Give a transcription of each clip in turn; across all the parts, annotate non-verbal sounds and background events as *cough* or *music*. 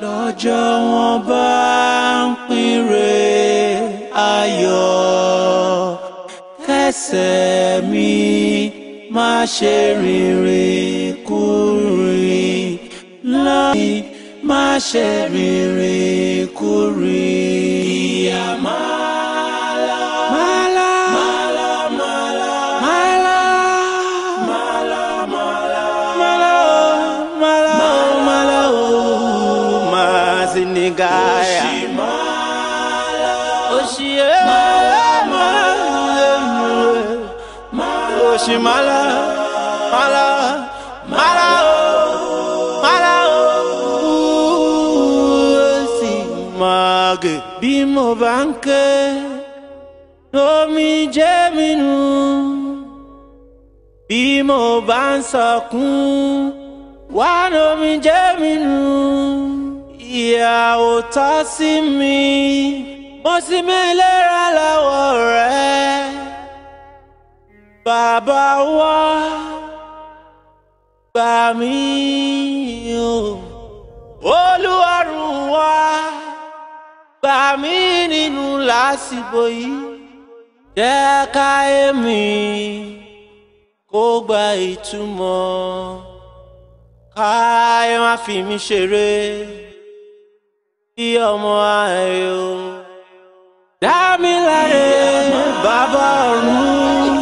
lọ́jọ́ wọn bá ń pinre ayọ̀ kẹsẹ̀ mi má ṣe rìnrìn kúrin lọ́yìn má ṣe rìnrìn kúrin sigaya oshimala mala mala o mala o simage bí mo bá mi jeminu, bí mo bá ń sọkún mi jeminu ìyà ò tọ́ sí mi mo sì mí lera lọ́wọ́ rẹ bàbá wá gbà mí o olúwarùn wá gbà mí nínú lásìkò yìí jẹ́ káyé mi kó gba ìtumọ̀ káyé má fi mí ṣeré bí ọmọ ayò. Dámiláré bàbá ọ̀run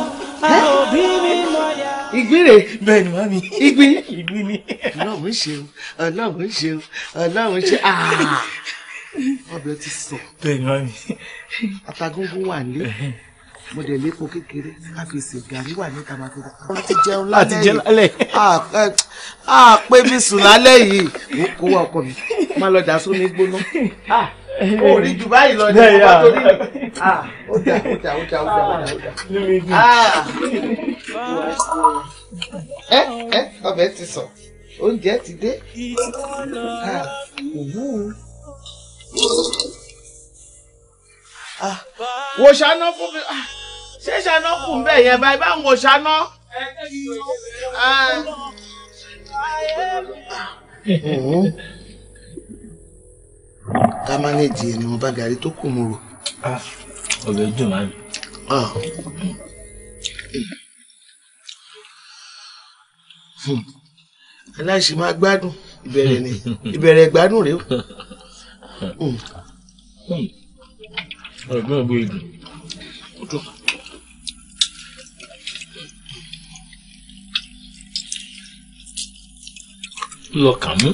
àròbí mi mọ̀yá. Ìgbére bẹ́ẹ̀ ni màmí. Ìgbé ìgbé ni. Ọlọ́run ṣeun, ọlọ́run ṣeun, ọlọ́run ṣe ọbẹ̀ ti sùn. Bẹ́ẹ̀ ni màmí. Atagúngún wà nílé mo dẹ̀ lépo kékeré ká fi ṣe gàrí wà níta máa fi kọ́. àti jẹun lálẹ́ yìí a pé mi sùn lálẹ́ yìí mo kó wa ọkọ mi má lọ dà sómi gbóná kò *laughs* rí jù báyìí lọ ní ọba tó rí ó dà ó dà ó dà ó dà ó dà. ẹ ẹ ọbẹ̀ ti sọ oúnjẹ ti dé òwú wo ṣáná fún mi ṣé ṣáná kù ń yẹn báyìí báwọn ò ṣáná. Ah. ká má lè di ẹni wọn bá gàrí tó kù mu rò. Ah, ọbẹ̀ dùn máa mi. Ah. aláìsí máa gbádùn ìbẹ̀rẹ̀ ni ìbẹ̀rẹ̀ gbádùn rèé hmm. Hmm. ọ̀rọ̀ mi ò lọ kàn mú.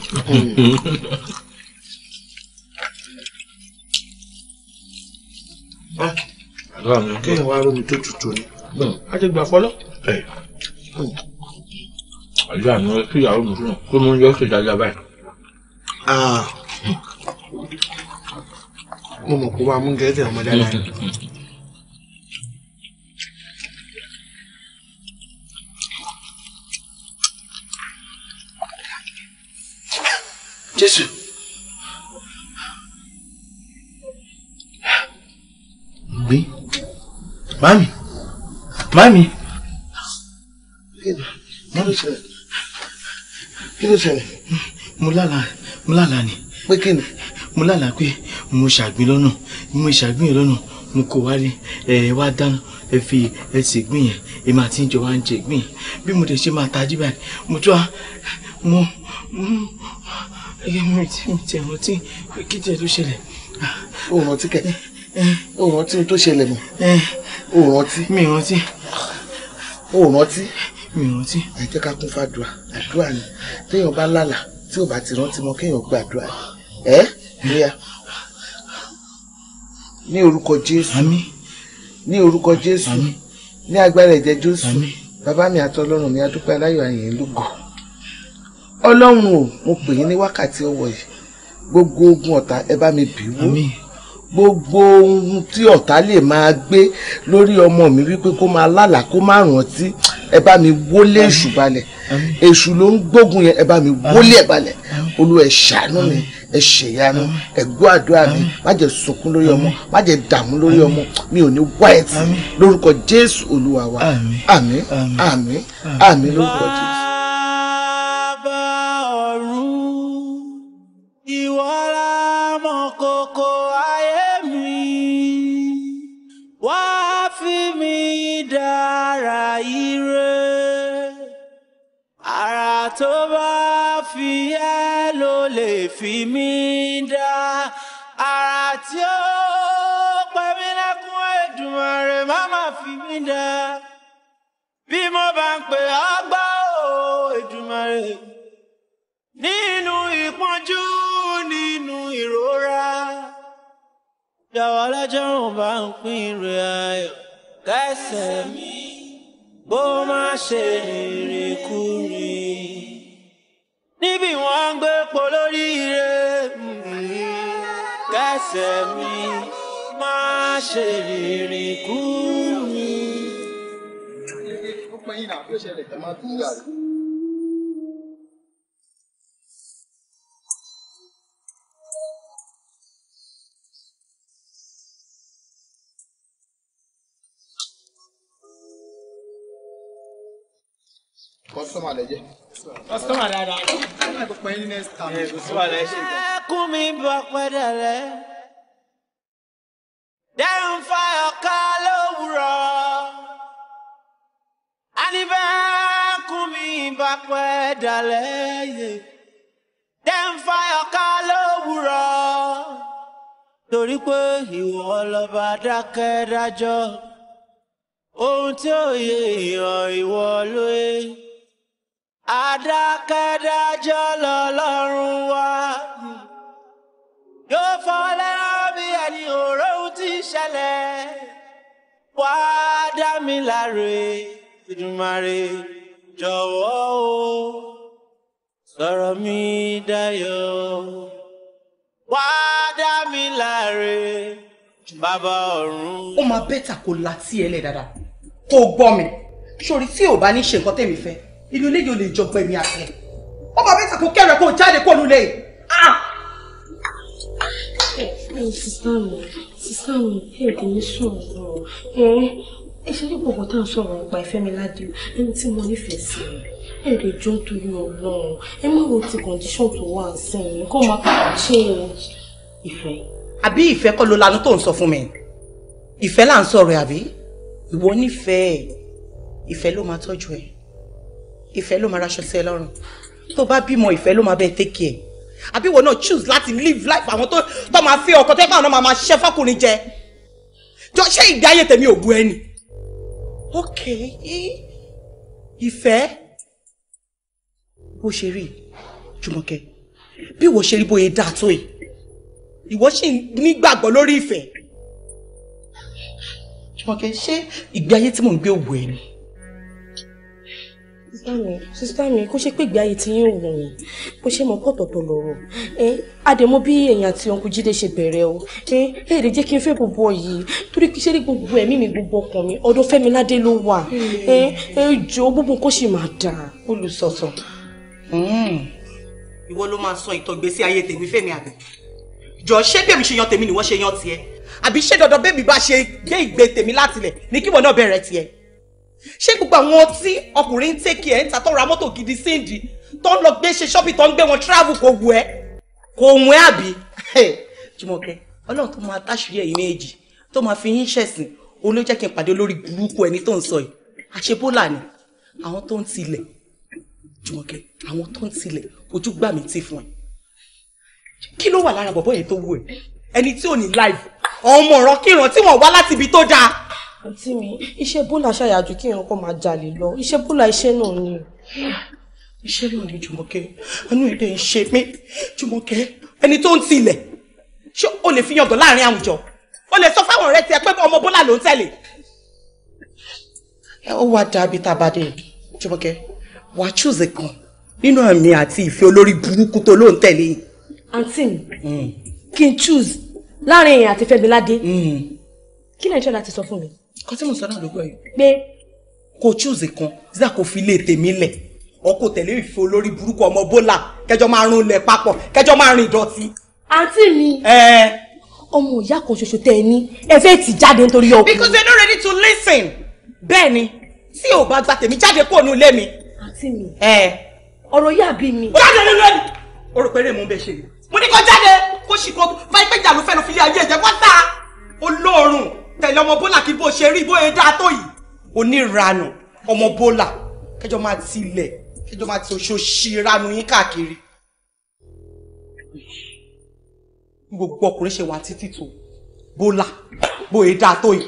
Ah, kéèyàn wá rómi tó tutù ni. Hmm. a ti gbà fọlọ́. Hmm. àná kí ìyàwó mi fún un kó mú yọ sí dáadáa báyìí. Ah. Hmm. mo mọ̀ kó máa mú gẹ́gẹ́ ọmọ dáadáa. Mami. Mami. Kí ló ṣẹlẹ̀? Kí ló ṣẹlẹ̀? Mo lálàá mo lálàá ni. Pé kí ni? Mo lálàá pé mo ṣàgbín lọ́nà mo ṣàgbín lọ́nà mo kò wá rí ẹ wá dáná ẹ fi ẹsẹ̀ gbìn yẹn èmi àti ìjọ wa ń jẹ gbìn yẹn bí mo dẹ̀ ṣe máa tají báyìí mo tún wá mo mo tẹ̀ rántí kí tẹ̀ tó ṣẹlẹ̀. o rántí kẹ o eh, eh. rántí tó ṣẹlẹ̀ mọ́. Eh o rántí. mi rántí. o rántí. mi rántí. ẹ jẹ́ ká kún fàdúrà àdúrà ni téèyàn bá lálàá tí ò bá ti rántí mọ́ kéèyàn gbàdúrà ẹ níyà ní orúkọ Jésù. àmín. ní orúkọ Jésù. àmín. ní agbára ẹ̀jẹ̀ Jésù. àmín. bàbá mi àti ọlọ́run mi adúpẹ́ aláyọ̀ àyìn lógo. ọlọ́run o mo pè yín ní wákàtí ọwọ́ yìí gbogbo ogun ọ̀tá ẹ bá mi bì í wó. Ami gbogbo ohun tí ọ̀tá lè máa gbé lórí ọmọ mi wípé kó máa lálàá kó máa rántí ẹ bá mi wólé èṣù balẹ̀ èṣù ló ń gbógun yẹn ẹ bá mi wólé ẹ balẹ̀ olúwa ẹ ṣàánú mi ẹ ṣèyanu ẹ gbọ́ àdúrà mi má jẹ́ sunkún lórí ọmọ má jẹ́ dààmú lórí ọmọ mi ò ní wá ẹ̀ tì lórúkọ jésù olúwa wa àmín àmín àmín lórúkọ jésù. fi ẹ́ ló lè fi mí dá ara tí ó pẹ́ mí lẹ́kún Èdùmàrè má má fi mí dá bí mo bá ń pè ọ́ gbọ́ o Èdùmàrè nínú ìpọ́njú nínú ìrora ìyàwó alájọrùn bá ń pín ìrè ayọ̀ kẹsẹ̀ mi bó má ṣe rìnrìn kúrin níbi wọ́n ń gbé po lóríire kẹsẹ̀ mi má ṣe rìnrìn kú mi. kọ́sítọ́mà lẹ́jẹ̀. kọ́sítọ́mà dáadáa kọ́sítọ́mà tó pẹ́ ní next time. ẹkún mi bọ̀ pẹ́dẹ̀ rẹ̀ dẹ́rùn fáyọ̀ ká lówùrọ̀ àníbẹ̀ ẹkún mi bọ̀ rẹ̀ dẹ́rùn fáyọ̀ ká lówùrọ̀ torí pé ìwọ lọ́ba dákẹ́ dájọ́ ohun tí ó yẹ èèyàn ìwọ lóye àdákẹ́dájọ́ lọ́lọ́run wa yóò fọlẹ́rán bí ẹni òró ti ṣẹlẹ̀ wá dá mi láre Èdùmàrè jọ̀wọ́ o sọ̀rọ̀ mi dayọ̀ wá dá mi láre bàbá ọ̀run. ó máa bẹ́tà kó la tí dáadáa kó gbọ́ mi sórí tí ò bá ní ṣe nǹkan tẹ̀mí fẹ́ inú ilé yìí ò lè jọgbọ èmi àti ẹ ó máa bẹ́ẹ̀ sàkó kẹ́rẹ̀ kó jáde kó lulẹ̀ yìí. Ah! sísá mi sísá mi èdè mi sọ̀rọ̀ ẹ ṣe ní gbogbo tá à ń sọ̀rọ̀ nípa ìfẹ́ mi ládìo ẹni tí mo nífẹ̀ẹ́ sí ẹ lè jó torí ọlọ́run ẹ má wo ti condition tó wà sẹ́yìn kó máa ṣe ìfẹ́. àbí ìfẹ́ kọ́ ló lanú tó ń sọ fún mi ìfẹ́ là ń sọ̀rọ̀ àbí ìwọ nífẹ̀ẹ́ ìfẹ́ ló máa tọ́jú ẹ̀ ìfẹ́ ló máa raṣọ sí ẹ lọ́rùn tó bá bímọ ìfẹ́ ló máa bẹ́ẹ̀ tẹ́kì ẹ̀ àbí ìwọ náà choose láti live life àwọn tó tó máa fi ọkọ tẹ́fà náà máa ṣiṣẹ́ fọkùnrin jẹ jọ ṣé ìgbé ayé tèmi ò bu ẹni. ok ìfẹ́ bó ṣe rí Jùmọ̀kẹ́ bí ìwọ ṣe rí bóyá dáa tó yìí ìwọ ṣì nígbàgbọ́ lórí ìfẹ́ Jùmọ̀kẹ́ ṣé ìgbé ayé tí mò ń gbé òwò ẹni sista mi kó ṣe pé ìgbé ayé ti yín òun yìí bó ṣe mọ pọ̀tọ̀tọ̀ lọ́rọ̀ ẹ àdèmọ bí èèyàn àti ọkùnrin jíde ṣe bẹ̀rẹ̀ o ẹ èrè jẹ́ kí n fẹ́ gbogbo yìí torí kí ṣe rí gbogbo ẹ̀mí mi gbogbo ọkàn mi ọ̀dọ̀ Fẹ́mi Ládé ló wà ẹ ẹ jọ gbogbo nǹkan ṣì máa dà olùsọ̀sọ̀. Hmm. ìwọ ló máa sọ ìtọ̀gbésí ayé tèmi Fẹ́mi àbí jọ ṣé bẹ́ẹ̀ mi ṣe yan tèmi ni wọ́n ṣe yan tiẹ̀ àbí ṣé dandan bẹ́ẹ̀ mi bá ṣe gbé ìgbé tèmi látilẹ̀ ní kí wọn náà bẹ̀rẹ̀ tiẹ̀ ṣé gbogbo àwọn ọtí ọkùnrin ń tèkì ẹ̀ ń ta tó ra mọ́tò gidi síndì tó ń lọ gbé ṣe ṣọ́ọ̀bì tó ń gbé wọn travel kò wù ẹ́ kò wù ẹ́ àbí Jùmọ̀kẹ́ ọlọ́run tó máa táṣìírí ẹ̀yìn méjì tó máa fi yín ṣẹ̀sìn olójẹ́ kí n pàdé olórí burúkú ẹni tó ń sọ yìí àṣebólà ni àwọn tó ń tilẹ̀ Jùmọ̀kẹ́ àwọn tó ń tilẹ̀ ojú gbà mí ti fún ẹ kí ló wà lára bọ̀bọ̀ yẹn tó wù ẹ ẹni tí ò àǹtí mi iṣẹ́ bọ́là ṣàyàjù kí èèyàn kọ́ máa jalè lọ iṣẹ́ bọ́là iṣẹ́ náà ni iṣẹ́ náà ni jùmọ̀kẹ́ àánú èdè ń ṣe mí jùmọ̀kẹ́ ẹni tó ń tilẹ̀ ṣé o lè fi yàngàn láàrin àwùjọ o lè sọ fáwọn ọ̀rẹ́ tiẹ̀ pé ọmọ bọ́là ló ń tẹ̀lé. ẹ ó wá dàbí tabade jùmọ̀kẹ́ wàá chúùsì kan nínú àmì àti ìfẹ́ olórí burúkú tó ló ń tẹ̀lé yìí. àǹtí mi hmm. kí n chúùsì láàrin èèyàn àti Fẹ́mi Ládé hmm. kí nàìjíríà ti sọ fún mi kan tí mo sọ náà ló gbọ́ yìí pé kò chúùsì kan sísà kò fi lè tèmi lẹ̀ ọkọ tẹ̀lé ìfẹ́ olórí burúkú ọmọ bọ́là kẹjọ máa rún lẹ̀ papọ̀ kẹjọ máa rìn ìdọ̀tí. àǹtí mi ọmọ ìyá kan ṣoṣo tẹ ẹ ní ẹ fẹ́ tì jáde nítorí ọkọ. because you are not ready to listen. bẹ́ẹ̀ ni tí ò bá gba tèmi jáde kúrò ní ilé mi. àǹtí mi ọ̀rọ̀ yà bí mi. ó jáde nínú ẹni. o rò pé eré mò ń bẹ ṣe. mo ní kó jáde kó ṣì kó fáìpéjà ló fi lé ayé ẹ̀jẹ̀ wá ta olóòórùn tẹ̀lé ọmọ bọ́là kí bó ṣe rí bó ẹ dáa tó yìí oníranù ọmọ bọ́là kẹjọ máa ti kẹjọ máa ti oṣooṣì ranù yín káàkiri. gbogbo ọkùnrin ṣe wà títí tó bọ́là bó ẹ dáa tó yìí.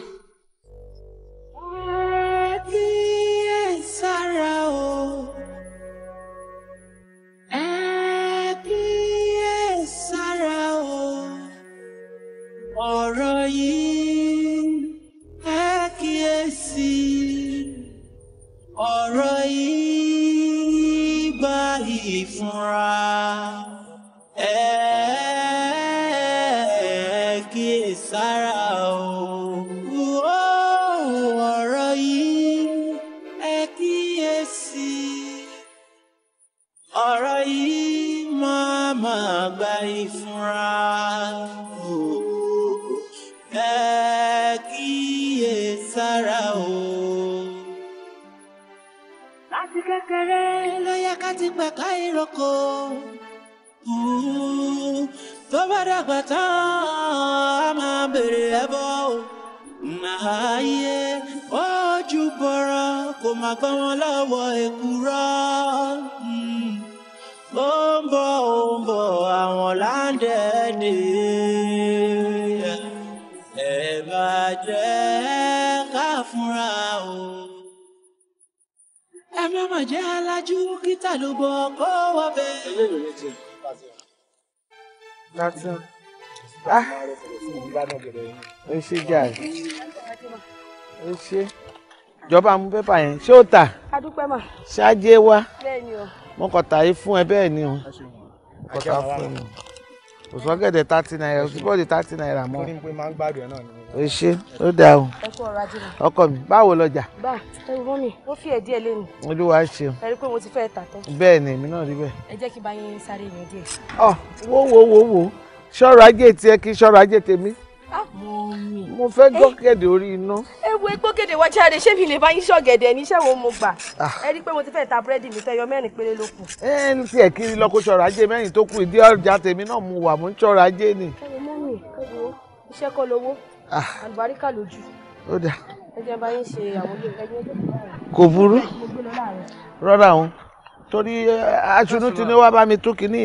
All yẹ ká ti pẹ̀ka ìrókò tó bá dàgbà tán a máa bèrè ẹbọ ààyè ojú bọ̀rọ̀ kò má gbọ́n wọn lọ́wọ́ èkúrọ́ hmm, ó ń bọ̀ ó ń bọ̀ àwọn láǹdẹ̀. ṣáájú kíta ló bọ kó wá bẹ. Ah. ẹ ṣe jàre ẹ ṣe ìjọba mú pépà yẹn ṣé ó tà ṣáájú wa mo kọ̀ tà yìí fún ẹ bẹ́ẹ̀ ni o mo kọ̀ tà fún ẹ kò sọ gẹ̀dẹ̀ thirty naira kò sí bọ́ọ̀dì thirty naira mọ́. torí pé máa ń gbádùn ẹ náà ni. o ṣe ó dáa o. ẹkú ọrọ̀ mi. ọkọ mi báwo lọjà. bá ẹ wọ mi ó fi ẹdí ẹ lẹ́nu. olúwa ṣeun. ẹ rí i pé mo ti fẹ́ tà tán. bẹ́ẹ̀ ni èmi náà rí bẹ́ẹ̀. ẹ jẹ́ kí n bá yín sáré yẹn díẹ̀. ọ wo wo wo wo ṣọ́ọ̀rọ̀ ajé tiẹ̀ kí ṣọ́ọ̀rọ̀ ajé tèmi Ah. mo fẹ́ gbọ́kẹ̀dẹ̀ eh. orí iná. ẹ eh, wo gbọ́kẹ̀dẹ̀ wá jáde ṣé mi lè bá yín ṣọ̀gẹ̀dẹ̀ níṣẹ́ wo mo gbà. Ah. ẹ rí i pé mo ti fẹ́ ta búrẹ́dì mi tẹ́yọ mẹ́rin péré ló kù. ẹ ẹni tí ẹ kiri lọkọ ṣọrọ ajé mẹ́rin tó kù ìdí ọjà tèmi náà mo wà mo ń ṣọrọ ajé ni. ẹ wo mọ́mì ẹ wo iṣẹ́ kọ́ lowó ah. àlùbáríkà lójú. ó dà. ẹ jẹ́ bá yín ṣe àwọn olóyè ẹ jẹ́ kò burú rọ́rà òun torí eh, aṣunú ti ní wá bá mi tún kinní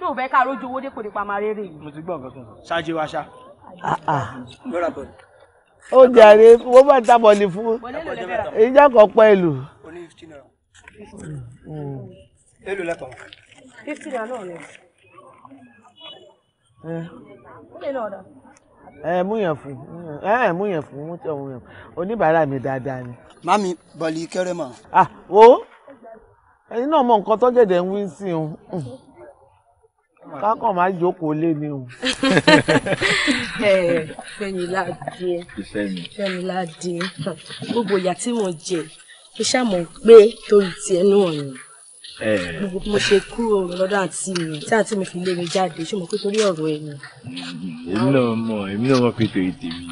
tó o fẹ́ ká rójú owó dépò nípa máa rere yìí. mo ti gbọ́ nǹkan kan ṣáájú wa ṣá. Ah, ah. ó jàre wọ́n máa ń ta bọ̀lì fún ìjà kan pẹ́ ìlú. èlò hmm. lẹ́kọ̀ọ́. fifty naira náà ni. ẹ eh. eh, mú yẹn fún ẹ eh, mú yẹn fún mú tẹ mú oníbàárà mi dáadáa ni. mami bọ̀lì kẹrẹ ma ah wo ẹyin náà mọ nǹkan tọ́gẹ̀dẹ̀ ń wí sí i kákan máa jókòó lé ni o. *laughs* Fẹ́miládé Fẹ́miládé gbogbo ìyà tí mo jẹ mo ṣàmọ̀ pé torí ti ẹnu ọ̀yàn gbogbo bí mo ṣe kúrò lọ́dọ̀ àti mi tí àti mi fi lé mi jáde ṣé mo pé torí ọ̀rọ̀ ẹ̀yìn. èmi náà mọ èmi náà mọ pé torí tèmi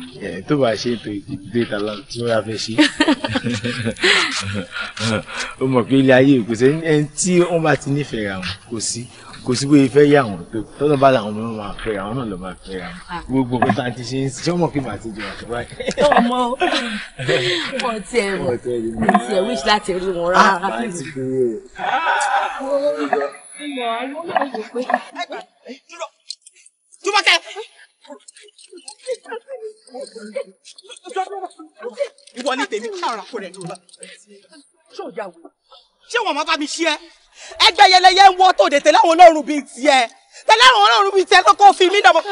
tó bá ṣe torí tèmi dé ta lọ tí wọ́n fẹ́ ṣe *laughs* ó mọ̀ pé ilé ayé kò sẹ́ni ẹni tí wọ́n bá ti nífẹ̀ẹ́ ra wọn kò sí kò sí pé fẹ́ yà wọ́n tó tọ́nà bá làwọn ọmọ máa fẹ́ àwọn náà ló máa fẹ́ ra wọn gbogbo nǹkan ti ṣe ń ṣe ọmọ pé màá ti jẹun àti báyìí. ọmọ wọn ti ẹ wọn ti ẹ wíṣ láti rí wọn rárá. Ah, Túbọ̀kẹ́. Ìwọ ni tèmi kára kó rẹ̀ lóla. Ṣé Ṣé wọn máa bá mi ṣí ẹ? ẹgbẹ́ yẹlẹyẹ ń wọ́ tó dé tẹ̀lé bíi tiẹ̀ tẹ̀lé àwọn bíi tiẹ̀ kókó fi mí dàbọ̀.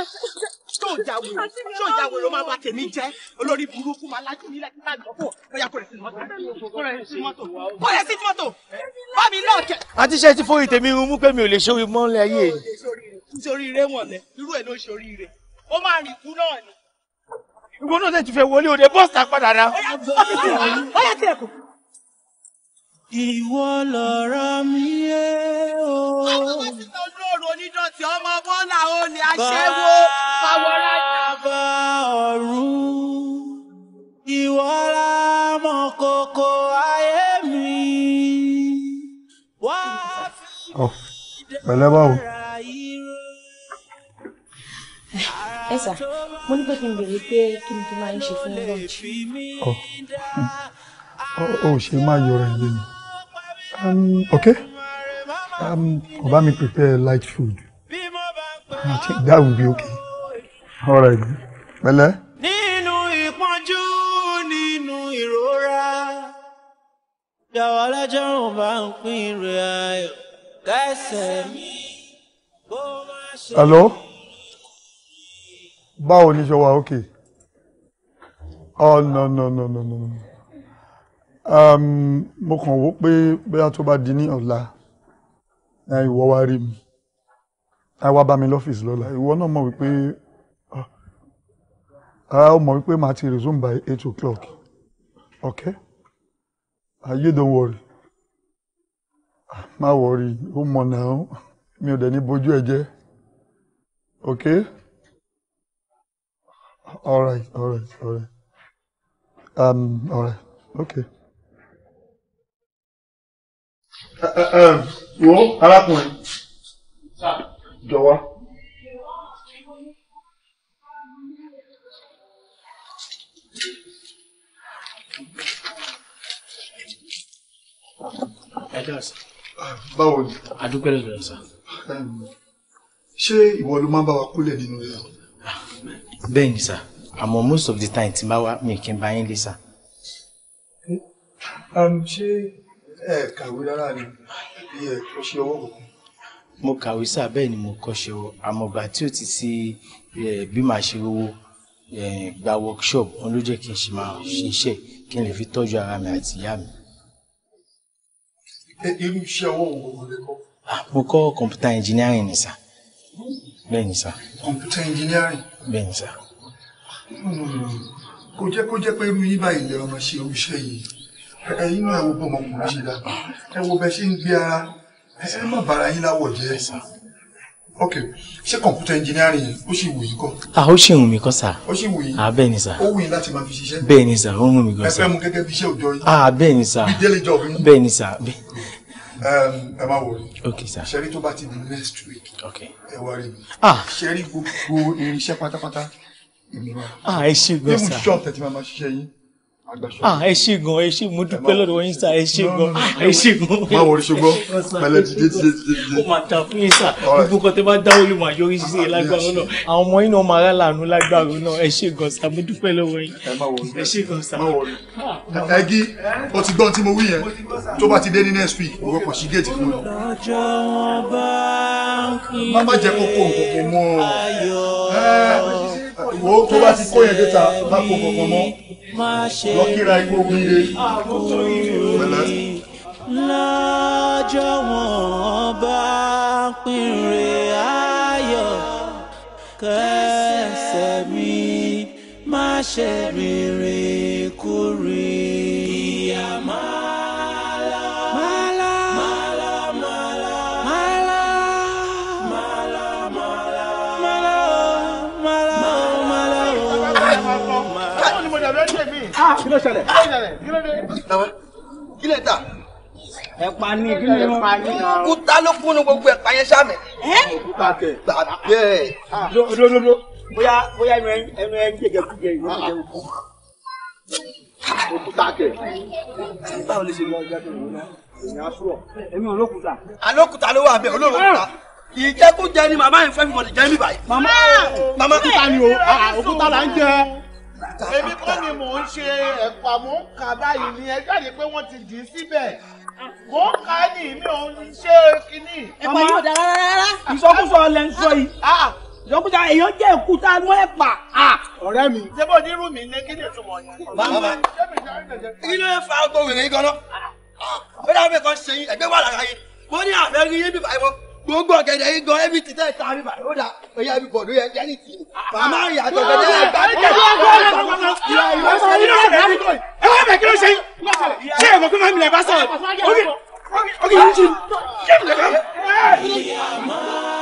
sóòjàwò sóòjàwò ló máa bà tèmi jẹ́ olórí burúkú máa lájú nílẹ̀ kí láàgbọ́ pọ̀ bóyá kò rẹ̀ sí mọ́tò kò rẹ̀ sí mọ́tò bá mi ṣe ti fóyì tèmi irun mú pé mi ò lè ṣorí mọ́lẹ̀ ayé irú ẹ̀ ló ṣoríire ó máa rìn kú náà ni. ìwọ Ìwọ lọ̀rọ̀ mi yé o. Àwọn ọmọ sísọ olóòrùn onídọ̀tí ọmọ bọ́là olè aṣẹ́wó fàwọ́rá. Bàbá ọ̀run, ìwọ la mọ̀ kókó ayé mi. Wá fi ìdá ara irú. Ẹ sà, mo ní pé kí n béèrè pé kí ni kí n máa ń ṣe fún lunch. Ọ ò oh. *laughs* oh, oh, ṣe máa yọra ẹni nìyí. Um, okay. Um, kò me prepare light food. I think that will be okay. All right. Pẹ̀lẹ́. Nínú Hello? Báwo ni ṣe wà okay? Oh, no, no, no, no, no. no. Um, mo kàn wó pé bóyá tó bá di ní ọ̀la ìwọ wá rí mi a wá bá mi lọ́fíìsì lọ́la ìwọ náà mọ̀ wípé ah, ah, ó mọ̀ wípé màá ti resume by eight o'clock okay uh, you don't worry má worry ó mọ̀ náà mi ò dẹ̀ ní bójú ẹ̀ jẹ́ okay all right all right all right um, all right okay wo arákùnrin jọ̀wọ́. báwo ni. adúpẹ́ lọ́dọ̀ sá. ṣé ìwọ ló máa ń bá wa kúlẹ̀ nínú ilé. bẹ́ẹ̀ ni sá àmọ́ most of the time tí n bá wá mi kì í bá yín lé sá. ṣé ẹ kàwé rárá ni bí ẹ kò ṣe owó kò. mo kàwé sáà ni mo kọ́ṣẹ́ o àmọ́ ìgbà tí ó ti sí bí màá ṣe owó gba workshop wọn ló jẹ́ kí n ṣe máa ṣe iṣẹ́ kí n lè fi tọ́jú ara mi àti ìyá mi. irú iṣẹ́ ọwọ́ wo ló lè kọ́. mo kọ́ computer engineering ni sà bẹ́ẹ̀ ni sà. computer engineering. bẹ́ẹ̀ ni sà. Hmm. kò jẹ́ kó jẹ́ pé irú yín báyìí lè ọmọ ṣe irú iṣẹ́ yìí ẹ̀yin náà wo bọ́mọkùnrin ṣe dá ẹ wo bẹ ṣe ń gbé ara ẹ má bàrà yín láwọ̀ jẹ́ ok ṣé kọ̀ǹpútà ẹnjìnírìn yẹn ó sì wù yín kọ́. a ó ṣì wù mí kọ́ sà. ó sì wù yín. a bẹ́ẹ̀ ni sà. ó wù yín láti máa fi ṣiṣẹ́. bẹ́ẹ̀ ni sà ó wù mí gan sà. ẹ fẹ́ mu gẹ́gẹ́ bí iṣẹ́ òòjọ́ yín. a bẹ́ẹ̀ ni sà. bí délé jọ fún bẹ́ẹ̀ ni sà. ẹ má wọlé. ok sà. ṣẹ́rí tó bá ti di next week. ok ẹ wá rí mi. ah ṣẹ́rí gbogbo irinṣẹ́ pátápátá. ah ẹ ṣe gan sà. bí mo ṣọ́ọ̀ tẹ̀tí máa ma ṣiṣẹ́ yín ah ẹ ṣe ẹ ṣe mo dúpẹ́ lọ́dọ̀ yín sá ẹ ṣe ah, ẹ ṣe gan. má ṣùgbọ́n pẹ̀lẹ́ dìde dìde dìde. ó máa ta fún yín sá gbogbo kan tẹ bá dáwọ́ ló máa yọrí sí i lágbára náà àwọn ọmọ yín náà máa rà lànà lágbára náà ẹ ṣe sá mo dúpẹ́ lọ́wọ́ yín ẹ ṣe sá. ẹgí o ti gbọ́n tí mo wí yẹn tó bá ti dé ní next week o kò sí gate fún mi. má má jẹ́ kó kó lọ́kìrà ipò gbére pẹ̀lẹ́. lọ́jọ́ wọn bá pinre ayọ̀ kẹsẹ̀ mi má ṣe rere. Ah, kí ló ṣẹlẹ̀. kí lè ta. ẹ̀pà ni kí lè pa ní náà. kúta ló kúnnu gbogbo ẹ̀pà yẹn sáàmì. kúta tẹ. gbàgbé. dododo bóyá bóyá ẹnu ẹnu ẹnu jẹjẹ kú jẹ ìlú jẹ òkú. òkúta tẹ. báwo lè ṣe lọ ọjà tó wù náà. èmi àfúrọ̀. èmi olókùúta. alókùúta ló wà bẹ́ẹ̀ olókùúta ah. ìjẹkújẹ ni màmá yẹn fẹ́ fi mọ̀lẹ̀ jẹ́ mi báyìí. Ah. màmá òkúta ni o òkúta là ń jẹ èmi kọ́ ni mò ń ṣe ẹ̀pà mò ń kà báyìí ni ẹ jáde pé wọ́n ti dì í síbẹ̀ mò ń kà á mi ò ń ṣe kínní. ẹ̀pà yóò dára rárá. ìsọkúsọ lẹ ń sọ yìí ah, ah. ìsọkúsọ èèyàn jẹ́ èkúta nú ẹ̀pà. Ah. ọ̀rẹ́ mi. ṣé bó dirú mi ní kí ni ìtumọ̀ yẹn. bàbá kí ló fa gbogbo ìrìn gan-an. ó dàbí kan ṣe ẹgbẹ́ wà lára yìí mo ní àfẹ́ rí yín bíbá yìí gbogbo ọ̀gẹ̀dẹ̀ yìí gan ẹbí títẹ̀ ta mi bàdó dà oyè ẹbí bọ̀dó yẹ jẹ́ ní tì màmá ìyàtọ̀ gẹ́gẹ́ ẹ̀ bá tẹ̀ ẹ wá bẹ̀ kí ló ṣe yìí ṣé ẹ̀mọ́ kí máa mi lẹ̀ bá sọ̀rọ̀ oge oge yìí ń jì í ṣé mi lẹ̀ bá mi.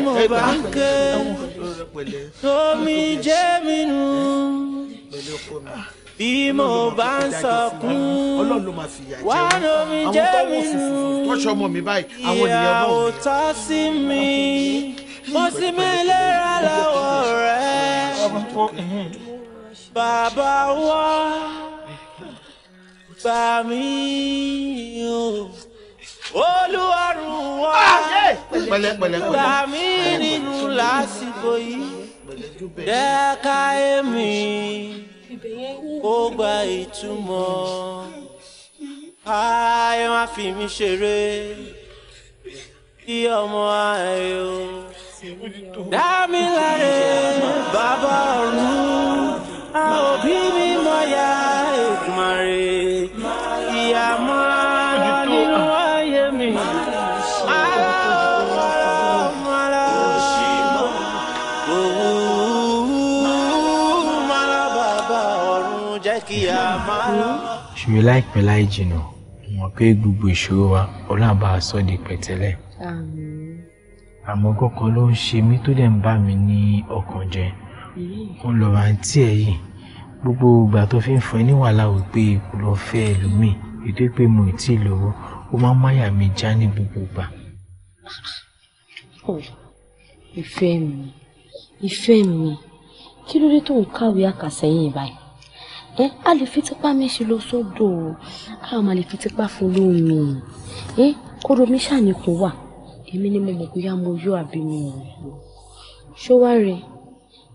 mo bá ń ké omi jẹ́ mi nù bí mo bá ń sọkún wà lómi jẹ́ mi nù ìyàwó tọ́ sí mi mo sì mẹ́lẹ́ra lọ́wọ́ rẹ̀ bàbá wá gbà mí o olúwarùn wá ah, gbà mí nínú lásìkò yìí dẹ́ka èmi kó gba ìtumọ̀ ayé má fi mí ṣeré kí ọmọ ayé o dá mi láre bàbá ọ̀run àwọn òbí mi mọ̀ yá. ṣùgbọ́n láìpẹ́ láì jìnnà mọ̀ pé gbogbo ìṣòro wa ọlọ́àbá sọ di pẹ̀tẹ́lẹ̀. àmọ́ kọ́kọ́ ló ń ṣe mí tó dẹ̀ ń bà mí ní ọkàn jẹ́ mo lọ rántí ẹ̀ yìí gbogbo ìgbà tó fi ń fọ ẹ ní wàhálà wípé kò lọ fẹ́ ẹlòmíì ètò pé mo ì tí ì lówó ó máa ń máyà mi já ní gbogbo ìgbà. ìfẹ́ mi ìfẹ́ mi kí ló dé tó ń kàwé àkàsẹ́yìn báyìí ẹ eh, a lè fi tipá méṣe lọ sódò a máa lè fi tipá fún lómi ẹ eh, kóró mi ṣàníkùn wà èmi ni mo mọ̀ bóyá mo yọ àbí mi ò yọ ṣó wá rè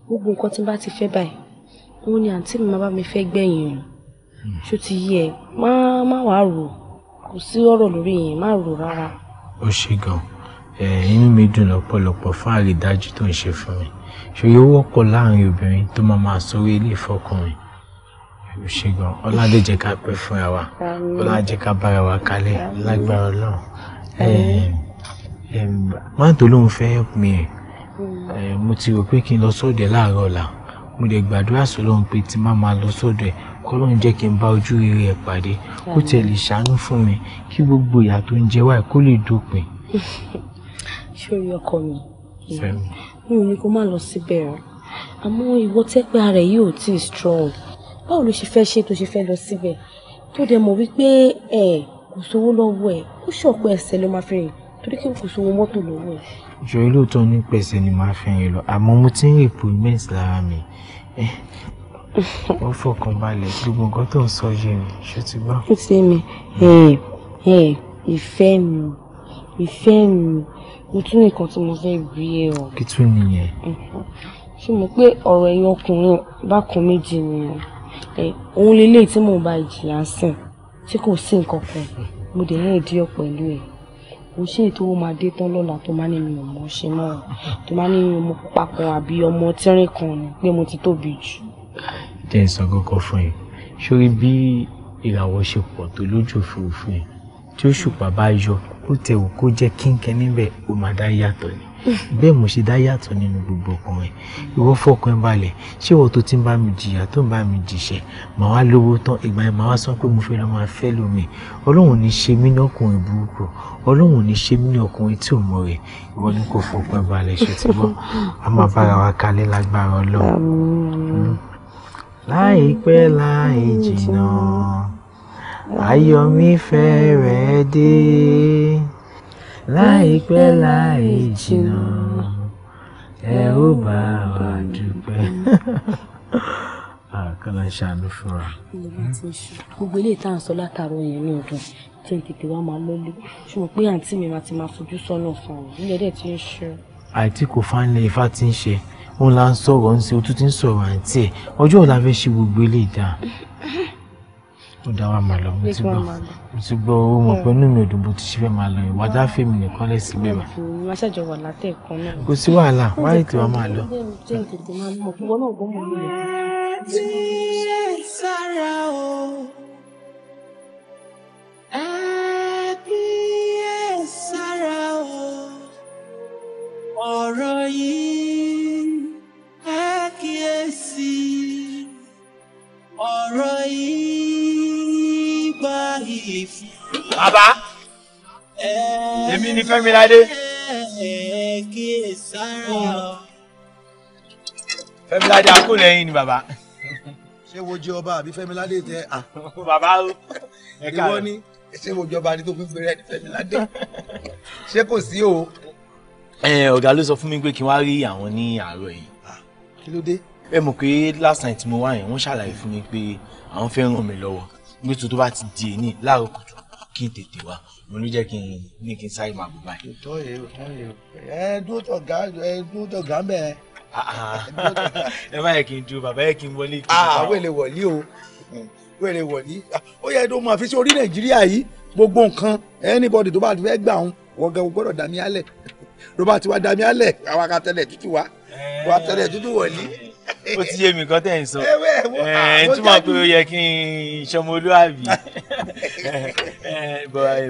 gbogbo nǹkan tí n bá ti fẹ́ báyìí òun ni àǹtí mi máa bá mi fẹ́ gbẹ̀yìn rẹ̀ hmm. ṣó ti yí ẹ má má wàá rò kò sí ọ̀rọ̀ lórí yẹn má rò rárá. ó ṣe gan-an mi dùn lọ́pọ̀lọpọ̀ fún àrídájú tó ń ṣe fún mi ṣòye ó wọ́pọ̀ láàrin obìnrin tó máa máa sọ orí ilé ìfọkùnrin o ṣe gan ọládé jẹ́ ká pẹ́ fúnra wa ọlá jẹ́ ká bára wa kalẹ̀ lágbára Ọlọ́run máa tó lóun fẹ́ help me hmm. ẹ̀ mo ti rò pé kí n lọ sóde láàárọ̀ ọ̀la mo lè gbàdúrà sọ́lọ́run pé tí má máa lọ sọ́dọ̀ ẹ̀ kọ́lọ́run jẹ́ kí n bá ojú rere ẹ̀ pàdé kó tiẹ̀ lè ṣàánú fún mi kí gbogbo ìyà tó ń jẹ wá kó lè dópin. *laughs* ṣòrí ọkọ mi mi ò ní kó má lọ síbẹ̀ o àmọ́ ìwọ tẹ́pẹ́ ara ẹ̀ tí ì strong báwo ló ṣe fẹ́ ṣe tó ṣe fẹ́ lọ síbẹ̀ tó dẹ̀ mọ̀ wípé ẹ kò sówó lọ́wọ́ ẹ̀ ó ṣọ̀pọ̀ ẹsẹ̀ ló máa fi rìn torí kí n kò sówó mọ́tò lọ́wọ́ ẹ̀. ìjọ ilóòótọ́ ní pẹ̀sẹ̀ ni màá fi rìn lọ àmọ́ mo ti ń rìn pavement lára mi wọ́n fọkàn balẹ̀ gbogbo nǹkan tó ń sọ yé mi ṣó ti gbọ́. ó ti mi ìfẹ́ mi ìfẹ́ mi mo tún nǹkan tí mo fẹ́ rí ẹ o. kí tún nìyẹn. ṣé mo pé ọ̀rọ̀ ẹ̀yin bákan méjì nìyẹn òun lélẹ̀ tí mò ń bá ìjìyà ń sìn tí kò sí nǹkan kan mo dẹ̀ ní ìdíyọ̀ pẹ̀lú ẹ̀ kò sí èyí tó máa dé tán lọ́la tó máa ní mi ò mọ̀ ṣe náà tó máa ní mo papọ̀ àbí ọmọ tínrín kan ni pé mo ti tóbi jù. jẹ́ ìsàn kankan fún ẹ sórí bí ìràwọ̀ ṣe pọ̀ tó lójú òfurufú yẹn tí òṣùpá bá yọ ó tẹ òkú jẹ́ kínkẹ́ níbẹ̀ ó máa dá yàtọ̀ ni bẹ́ẹ̀ mo ṣe dá yàtọ̀ nínú gbogbo ọkùnrin ìwọ fọkàn balẹ̀ ṣé ìwọ tó ti ń bá mi jìyà tó ń bá mi jìṣẹ́ màá wá lówó tán ìgbà yẹn màá wá sọ pé mo fẹ́ ra máa lómi ọlọ́run ní ṣe mí ní ọkùnrin burúkú ọlọ́run ní ṣe mí ní ọkùnrin tí ò mọ rẹ̀ ìwọ ni kò fọkàn balẹ̀ ṣe ti bọ́ a máa bára wa kalẹ̀ lágbára ọlọ́run. láìpẹ́ láì jìnnà ayọ̀ fẹ́ rẹ̀ dé láìpẹ́ láì jìnnà ẹ ó bá wa dúpẹ́ àkàlà ń ṣàánú fúnra. gbogbo ilé ìta àǹsọ látàárọ̀ yẹn ní ọdún tí n tètè wá máa lọlé ṣùgbọ́n pé àǹtí mi máa ti máa fojú sọ́nà fún àwọn ilé ẹ̀dẹ̀ tí ń ṣe. àìtí kò fánlé ifá tí ń ṣe òun là ń sọ̀rọ̀ ń ṣe òtún tí ń sọ̀rọ̀ àǹtí ẹ̀ ọjọ́ ọ̀la fẹ́ ṣe gbogbo ilé ìta ó dá wa máa lọ mo ti gbọ́ owó mọ̀ pé inú mi bó ti ṣe fẹ́ máa lọ ìwà dá fèmí nìkan lẹ̀ sí kò sí wàhálà wá ètò wa máa lọ. jẹ́ ìtètè máa lọ mọ̀ fún wọn náà gbọ́n Baba, èmi ni Fẹ́mi Ládé. Fẹ́mi Ládé akólẹ́yìn ni bàbá. ṣé wo jẹ ọba àbí Fẹ́mi Ládé tẹ à. bàbá o ẹ ká ìwọ ni ṣé wo jọba ni tó fi fẹrẹ ní Fẹ́mi Ládé ṣé kò sí o. ọ̀gá ló sọ fún mi pé kí n wá rí àwọn ní àárọ̀ yìí. kí ló dé. ẹ mọ̀ pé last night mo wá yẹn wọ́n ṣàlàyé fún mi pé àwọn fẹ́ ràn mí lọ́wọ́ nítorí tó bá ti di èyí láàárọ̀ kùtù kí n tètè wá òun ló jẹ́ kí n ní kí n sáré máa bọ̀ báyìí. òtọ́ yìí òtọ́ yìí ẹ dúró tọ̀ gá ẹ dúró tọ̀ gá bẹ́ẹ̀. *laughs* ẹ má yẹ kí n dúró bàbá yẹ kí n wọlé. Ah, wẹ́lẹ̀ wọ̀lí o wẹ́lẹ̀ wọ̀lí ó yẹ kó máa fi sí orí nàìjíríà yìí gbogbo nǹkan anybody tó bá ti fẹ́ gbà ń wọ́n gan gbọ́dọ̀ dàmí alẹ̀ ló bá ti wá dàmí alẹ̀ àwọn akatẹ̀lẹ̀ tútù wá wọ́n atẹ̀lẹ̀ tútù wọ̀lí ó ti yé mi kan tẹ̀ ń sọ ẹ̀ ń túmọ̀ pé ó yẹ kí n ṣọmọlúàbí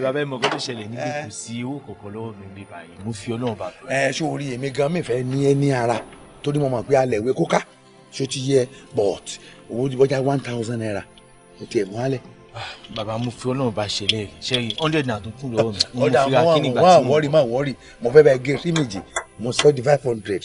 bàbá ìmọ̀ kan tó ṣẹlẹ̀ níbi kò sí owó kọ̀ọ̀kan lọ́wọ́ mi bí báyìí mo fi ọlọ́run bá pẹ́. ẹ ṣé orí èmi gan mi fẹ́ ní ẹ ní ara torí mo mọ̀ pé alẹ̀ ìwé kóká ṣó ti yẹ but owó ti bọ́jà one thousand naira ó ti ẹ̀ mú alẹ̀. Ah, bàbá mo fi ọlọ́run bá ṣẹlẹ̀ ṣẹ́yìn hundred naira tó kù lọ́wọ́ mi. ọ̀dà àwọn àwọn àwọ̀rí máa wọ̀rí mo fẹ́ bá ẹ gé sí méjì mo sọ di five hundred.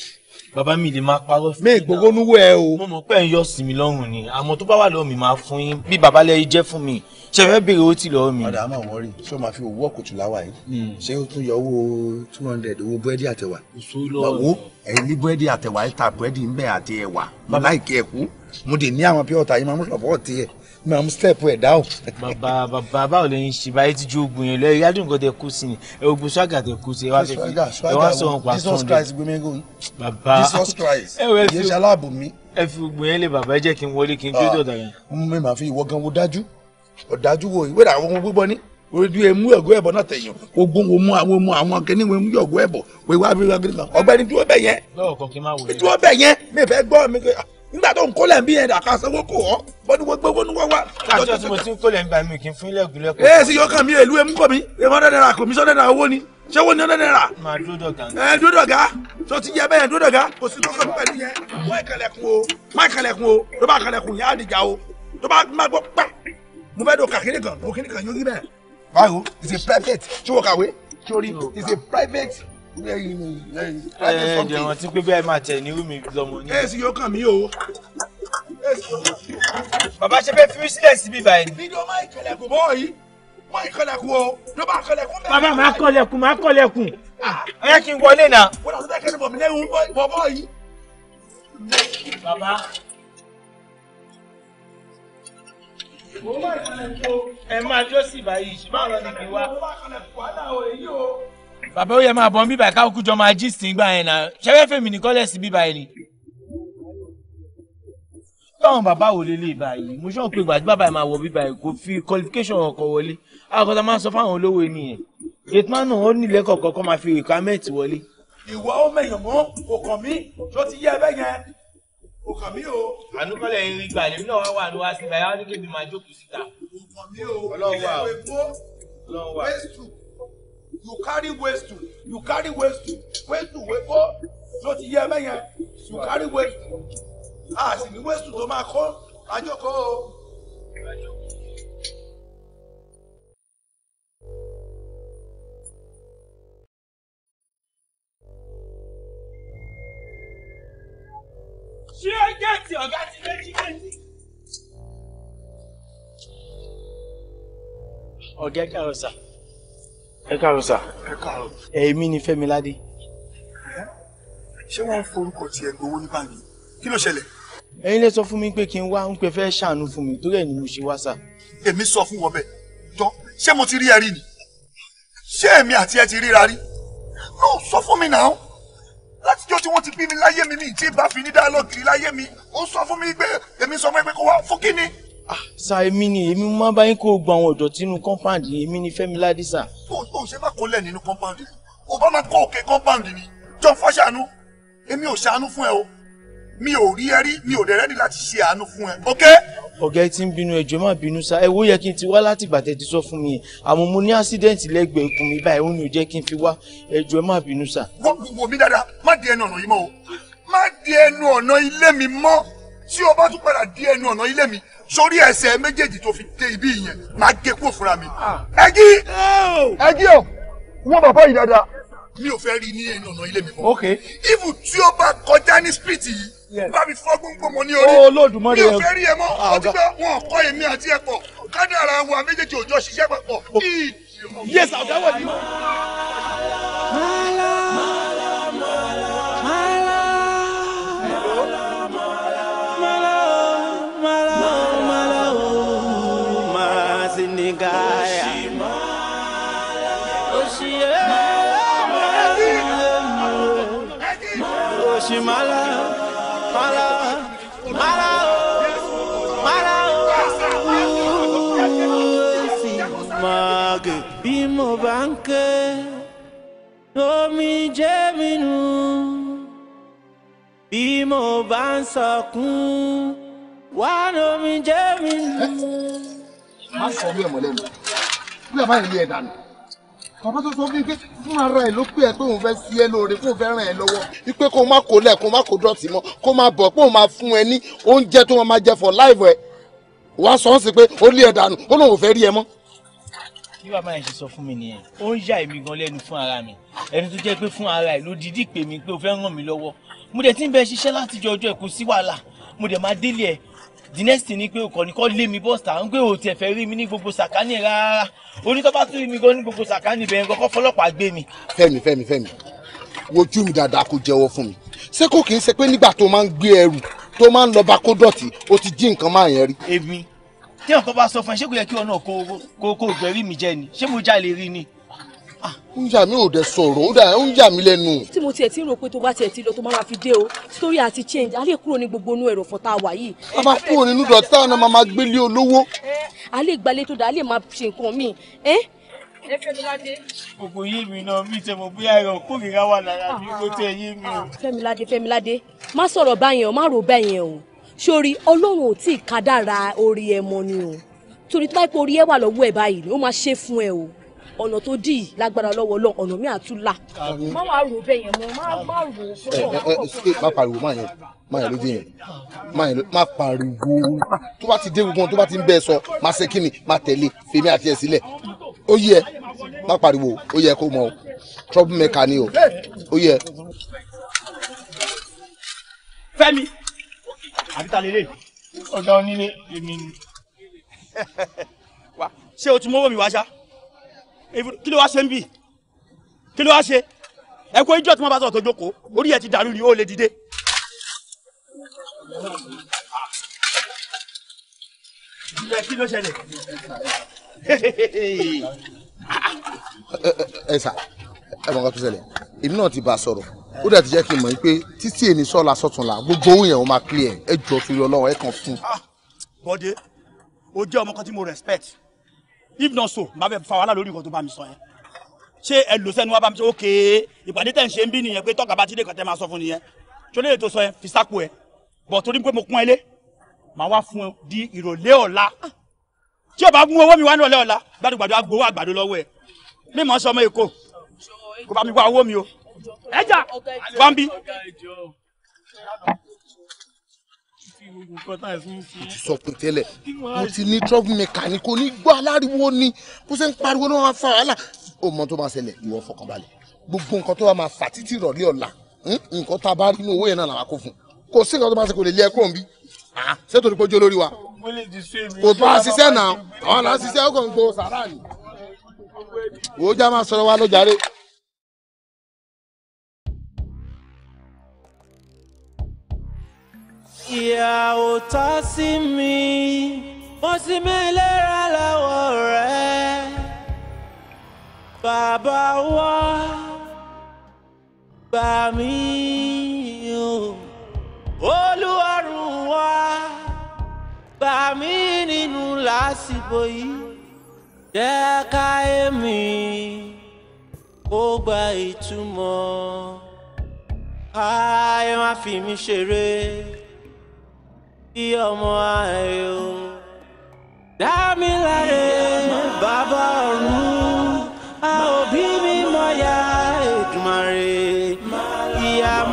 Baba, mi lè máa parọ́ fún mi. mi gbogbo nuwo ẹ o. mo mọ̀ pé ń yọ sí mi lọ́rùn ni àmọ́ tó bá wà lọ́wọ́ mi máa fún yín bí bàbá lẹ́yìn jẹ́ fún mi ṣe fẹ́ béèrè owó tí lọ́wọ́ mi. ọ̀dà àmọ́ wọ́n rí ṣé o máa fi owó ọ̀kùtù láwà yìí hmm. ṣé o tún yọ owó two hundred owó búrẹ́dì àtẹ̀wà. báwo ẹ̀yin ní búrẹ́dì àtẹ̀wà ẹ̀ ta búrẹ́dì ńbẹ̀ àti ẹ̀wà mo láìkẹ́ ẹ̀kú mo dè ní àwọn pure water yìí máa mú sọ̀pọ̀ tiẹ̀ mi àwọn step ẹ̀ dá o. bàbá bàbá báwo lè ń ṣe báyìí tí ju ogun yẹn lọ ẹ̀yà dùn kó tẹ kú sí ni ogun swaga tẹ kú sí ẹ wá fẹ́ fi ẹ wá sọ wọn pa sunday. jesus christ gbẹmí gòun baba jesus christ yéé ṣaláàbò mi. ẹ fi ogun yẹn lé bàbá ẹ jẹ́ kí n wọlé kí n tó dọ̀dà yẹn. Ah, mi máa fi ìwọ gan wo dájú ọ̀dájú wo ìwé àwọn ọmọ gbígbọ́ ní ojú emu ẹ̀gọ́ ẹ̀bọ̀ náà tẹ̀yìn ogun wo mu àwọn mu àwọn kẹ́ni wo mu yọ̀gọ́ ẹ̀bọ̀ wíwá fi wá dúró bẹ̀ yẹn dúró bẹ̀ yẹn mi fẹ́ gbọ́ mi fẹ́ nígbà tó ń kólẹ̀ ń bí ẹ̀dà ká sanwó kò ọ́ wọ́n ní wọ́n gbé wọ́n ní wọ́n wá. àti ọtí mo ti ń kólẹ̀ ń bá mi kì í fún ilé ìgbìlẹ̀ kọ́. ẹ sì yọ kàn mí èlú emu kọ mi èmi ọ̀dọ̀ náírà kò mí sọ́dọ̀ náírà owó ni ṣé wọ́n ní ọ̀dọ̀ náírà. màá dúró dọ̀gá. ẹ dúró dọ̀gá tó ti yẹ bẹ́yẹn dúró dọ̀gá kò sí lọ́sọ̀ pẹ̀lú yẹn wọ́n ìkàlẹ̀kùn a private tí wọ́n kàwé tí o rí a private lẹ́yìn mi lẹ́yìn. ẹ ẹ jẹun tí pé bẹ́ẹ̀ máa tẹ̀ ní wíìmì lọ́mọ ní. èsì yóò kàn mí o. bàbá ṣe fẹ́ fi mí sílẹ̀ síbí báyìí. bídò máa ń kẹlẹ̀kùn bọ́ yìí máa ń kẹlẹ̀kùn o ló máa kẹlẹ̀kùn bẹ́ẹ̀. bàbá máa kọlẹ̀kùn máa kọlẹ̀kùn. ẹ ah. yẹ kí n wọlé náà. wọ́n lọ sí kẹ́lẹ́ bọ̀ mí lẹ́yìn bọ̀ bọ́ yìí. bàbá. mo máa kẹlẹ̀kùn o. ẹ máa jó sí báyìí ṣùgbọ́n àwọn ọ̀nà bàbá ó yẹ máa bọ̀ ń bíbà káwọn kújọ máa jí sí gbà yẹn náà ṣẹ́fẹ́ fèmí ní kọ́lẹ́sì bíbà yẹn ni. táwọn bàbá wò lé lè báyìí mo ṣọ́n pé gbàdúrà bàbá yẹn máa wọ bíbà yẹn kò fi qualification ọkọ̀ wọlé àkọ́tà máa ń sọ fáwọn olówó nìyẹn gateman náà ó nílẹ̀ kọ̀ọ̀kan kọ́ máa fi requirement wọlé. ìwọ ó mẹyàn mọ òkàn mi tó ti yẹ ẹbẹ yẹn òkàn mi o. ànúkọ́lẹ̀ ń rí gbàlẹ́ mi náà wá wà ní wá sí ibà yẹn wá ní kébì máa jókòó síta. òkàn mi o ìlẹ̀ ìwé gbó wẹ́sùn you carry waste to you carry waste to waste to wey kó ló ti yẹ mẹ́yẹn you carry waste a sì ní waste tó máa kó àjọkọ́ o. ṣé gẹ̀ẹ́tì ọ̀gá ti méjì méjì. ọ̀gá kẹrọ̀sà ẹ káàárọ̀ sà. ẹ káàárọ̀. èmi ni Fẹ́mi Ládé. ṣé wọn ń forúkọ tiẹ̀ gbowó ní báyìí kí ló ṣẹlẹ̀. ẹ̀yin lè sọ fún mi pé kí n wá ń pè fẹ́ ṣàánú fún mi torí ẹ̀ ni mo ṣe wá sà. èmi sọ fún wọn bẹ́ẹ̀ jọ ṣé mo ti rí ẹ rí ni ṣé èmi àti ẹ ti ríra rí ló sọ fún mi náà láti jọ́ tí wọ́n ti bí mi láyé mi mi ìtì bá fi ní dáálọ́gì láyé mi ó sọ fún mi pé èmi sọ fún ẹ pé kó wá fún kí ni. Ah, sa èmi ni èmi máa bá yín kó gba àwọn ọ̀dọ́ tínú compound yìí èmi ni Fẹ́mi Ládé sà. o ò ṣe má kólẹ̀ nínú compound yìí o bá máa kọ́ òkè compound ni jọ fọ́ṣàánú èmi ò ṣàánú fún ẹ o mi ò rí ẹ rí mi ò dẹ̀ rẹ́dí láti ṣe àánú fún ẹ ok. ọ̀gá ẹ ti ń bínú ẹjọ́ má bínú sa ẹ wo yẹ kí n ti wá láti ìbàtẹ́ ti sọ fún mi yẹn àmọ́ mo ní ásídẹ́ǹtì lẹ́gbẹ̀ẹ́ ikùn mi báyìí ó ní ò jẹ́ kí n fi wá ẹjọ́ má bínú sa. wò mí dáadáa má di ẹnu ọ̀nà yìí mọ́ o má di ẹnu ọ̀nà ilé mi mọ́ tí o bá tún padà di ẹnu ọ̀nà ilé mi sórí ẹsẹ̀ méjèèjì tó fi dé ibi yẹn máa gé kúrò fúnra mi. Ah. ẹgí ẹgí o wọn bàbá yìí dáadáa. mi ò fẹ́ rí ní ẹnu ọ̀nà ilé mi fún. ibù tí ó bá kọjá ní spiriti yìí bá mi fọ́gbọ́n gbọ́mọ ní orí oh, mi ò fẹ́ rí ẹ mọ́ ah, ọtí pé wọn kọ́ èmi àti ẹ̀ pọ̀ kádàrá wa méjèèjì òjò ṣiṣẹ́ papọ̀. yẹ́sà ọ̀gá wà Nigaya. Oshimala, mala, mala, mala, Osimage, bí mo bá ń ké, omi jẹ́ mi nù, bí mo bá ń sọkún, wá lómi jẹ́ mi nù má sọ bí ẹ̀mọ́ lẹ́nu bí ẹ̀ má yẹ lé ẹ̀ dànù bàbá tó sọ fún pé fún ara ẹ ló pé ẹ pé òun fẹ́ sí ẹ lóore fún òun fẹ́ ràn ẹ lọ́wọ́ wípé kó má kó lẹ̀ kó má kó dọ̀tí mọ́ kó má bọ̀ pé òun máa fún ẹ ní oúnjẹ tó máa jẹ for life ẹ wá sọ ọ́n sí pé ó lé ẹ dànù ó lóun ò fẹ́ rí ẹ mọ́. bí bàbá yẹn ṣe sọ fún mi nìyẹn ó ń yà èmi gan lẹ́nu fún ara mi ẹni tó jẹ́ pé fún ara ẹ ló dìídì pè mí pé ó fẹ́ ràn mí lọ́wọ́ mo dẹ̀ ti ń bẹ ṣiṣẹ́ láti jọ ọjọ́ ẹ̀kú sí wàhálà mo dẹ̀ máa délé ẹ the next thing ni pé ọkọ ni kọ́ lé mi bọ́sà ń pé òtí ẹ̀fẹ́ rí mi ní gbogbo sàkání rárá onítọ́ba tún rí mi gan ní gbogbo sàkání bẹ̀rẹ̀ kọ́kọ́ fọlọ́pàá gbé mi. Fẹ́mi Fẹ́mi Fẹ́mi wojú mi dáadáa kó jẹ́wọ́ fún mi ṣé kò kì í ṣe pé nígbà tó máa ń gbé ẹrù tó máa ń lọ bá kó dọ̀tí o ti jí nǹkan máa yẹn rí. èmi tí ọkọ bá sọ fún ẹ ṣé kò yẹ kí ọ náà kó kó gbẹrí mi jẹ ni ṣé mo jalè rí ni oúnjẹ mi ò dẹ sọ̀rọ̀ ó dà oúnjẹ mi lẹ́nu. tí mo tiẹ̀ ti ń rò pé tó bá tiẹ̀ ti lọ tó máa fi dé o sórí àti change a lè kúrò ní gbogbo inú ẹ̀rọ̀fọ̀ tá a wà yìí. a máa kúrò nínú dọ̀tà náà máa máa gbélé olówó. a lè gbalẹ̀ tó dáa a lè máa ṣe nǹkan míì. gbogbo yé mi náà mi tẹ mọ bóyá ẹ̀rọ kórìíra wà lára mi kó tẹ yé mi o. Fẹ́miládé Fẹ́miládé má sọ̀rọ̀ báyẹn o má rò báyẹn o sórí Ọlọ́run ò tí ì kádàrá orí ẹ mọ ni o torí tó bá yẹ kó orí ẹ wà lọ́wọ́ ẹ báyìí ó máa ṣe fún ẹ o ọ̀nà tó dì í lágbára lọ́wọ́ Ọlọ́run ọ̀nà mi àtúlà. má wàá rò bẹ́ẹ̀ yẹn mọ́ má rò fọ́ọ̀. Eh, eh, eh, má pariwo má yẹn má yẹn lójú yẹn má yẹn má pariwo tó bá ti dé gbogbo tó bá ti ń bẹ́ẹ̀ sọ má ṣe kí ni má tẹ̀lé fèmí àti ẹ̀ sílẹ̀ ó yẹ má pariwo ó yẹ kó mọ o trouble maker ni o ó yẹ. Fẹ́mi àbíta lélẹ̀ ọ̀gá onílé èmi ni. *laughs* wa ṣé o ti mọ́wọ́ mi wá ṣá kí ló wá ṣe ń bì kí ló wá ṣe ẹ kó ijó tí wọn bá sọ tó jókòó orí ẹ ti dàrú ni ó lè dìde. kí ló ṣẹlẹ̀. ẹ sà ẹ mọ̀ ká tó ṣẹlẹ̀ èmi náà ti bá a sọ̀rọ̀ ó dẹ̀ ti jẹ́ kí n mọ̀ pé títí èmi sọ́la sọ́túnla gbogbo ohun yẹn ó máa clear ẹ jọ torí ọlọ́run ẹ kàn fún. Ah, bọ́dé o jẹ́ ọmọ kan tí mo respect if not so màá fẹ́ fa wàhálà lórí nǹkan tó bá mi sọ yẹn ṣé ẹ lò sẹ́nu wá bá mi sọ ok ìpàdé tẹ̀ ń ṣe ń bí nìyẹn pé tọ́ka bá ti dé kọ́tẹ́ máa sọ fún nìyẹn ṣọlẹ́ ètò sọ yẹn fi sápò ẹ bọ̀ torí pé mo kún ẹ lé màá wá fún ẹ di ìrọ̀lẹ́ ọ̀la tí o bá mú owó mi wá ní ọ̀lẹ́ ọ̀la gbàdúgbàdú agbowó àgbàdo lọ́wọ́ ẹ mi o ẹja bọ́m̀bí mo ti sọ fún tẹ́lẹ̀ mo ti ní trouble maker ni kò ní gbọ́ aláriwo ni bó ṣe ń pariwo náà máa fa wàhálà ó mọ tó máa ṣẹlẹ̀ ìwọ fọkànbalẹ̀ gbogbo nǹkan tó wà máa fà títí ìrọ̀lẹ́ ọ̀la hmm, nǹkan tá a bá rí inú owó yẹn náà làwọn kó fún kò sí nǹkan tó máa ṣe kò lè lé ẹkọ́ mi ah, ṣé torí pé ojú olórí wa kò tó a ṣiṣẹ́ náà àwọn àlà ṣiṣẹ́ ó ń gbọ́ sàrà ni òòjà máa sọ̀rọ̀ wa lọ́jàre. ìyà ò tọ́ sí mi mo sì mí lera lọ́wọ́ rẹ bàbá wá gbà mí o olúwarùn wá gbà mí nínú lásìkò yìí jẹ́ káyé mi kó gba ìtumọ̀ káyé má fi mí ṣeré bí ọmọ ayò dámiláré bàbá ọ̀run a ò bí mi mọ̀ ya Èdùmàrè ìyá mọ̀.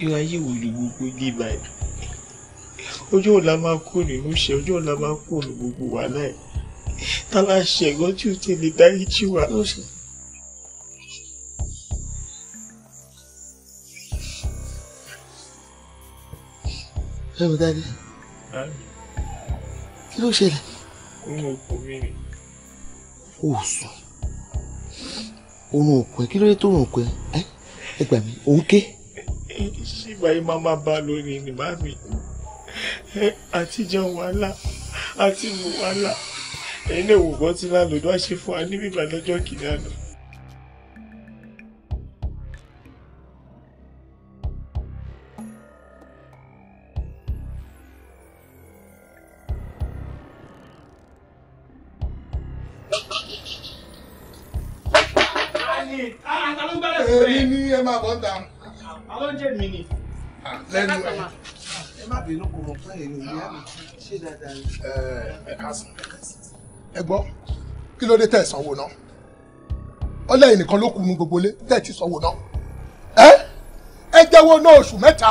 irú ayé wo ni gbogbo ní báyìí ọjọ́ ọ̀la máa kú nínú iṣẹ́ ọjọ́ ọ̀la máa kú ní gbogbo wa náà ta ṣe ẹ̀gbọ́n o ti lè dárí jì wá lọ́sàn. ẹ wò dáadé kí ló ṣẹlẹ̀. nínú oko mi ni. o sùn oorun òkú ẹ kí ló dé tó oorun òkú ẹ ẹ gbà mí òun ké. Okay? ṣìgbà yìí máa máa bá lórí ni màmí àti jẹun wàhálà àti mú wàhálà ẹ̀yin náà wò gbọ́ tí lálòdù àṣẹ fún wa níbi ìbàdàn ọjọ́ àná. lẹ́nu ẹ̀. ẹ má bínú kò mọ̀ fún ẹ̀yìn ìyá mi ṣé dáadáa ni. ẹ kásán ẹ gbọ́ kí ló dé tẹ̀ sanwó náà ọlẹ́yìn nìkan ló kù nu gbogbo lé tẹ̀ ti sanwó náà ẹ ẹ jẹ́wọ́ náà oṣù mẹ́ta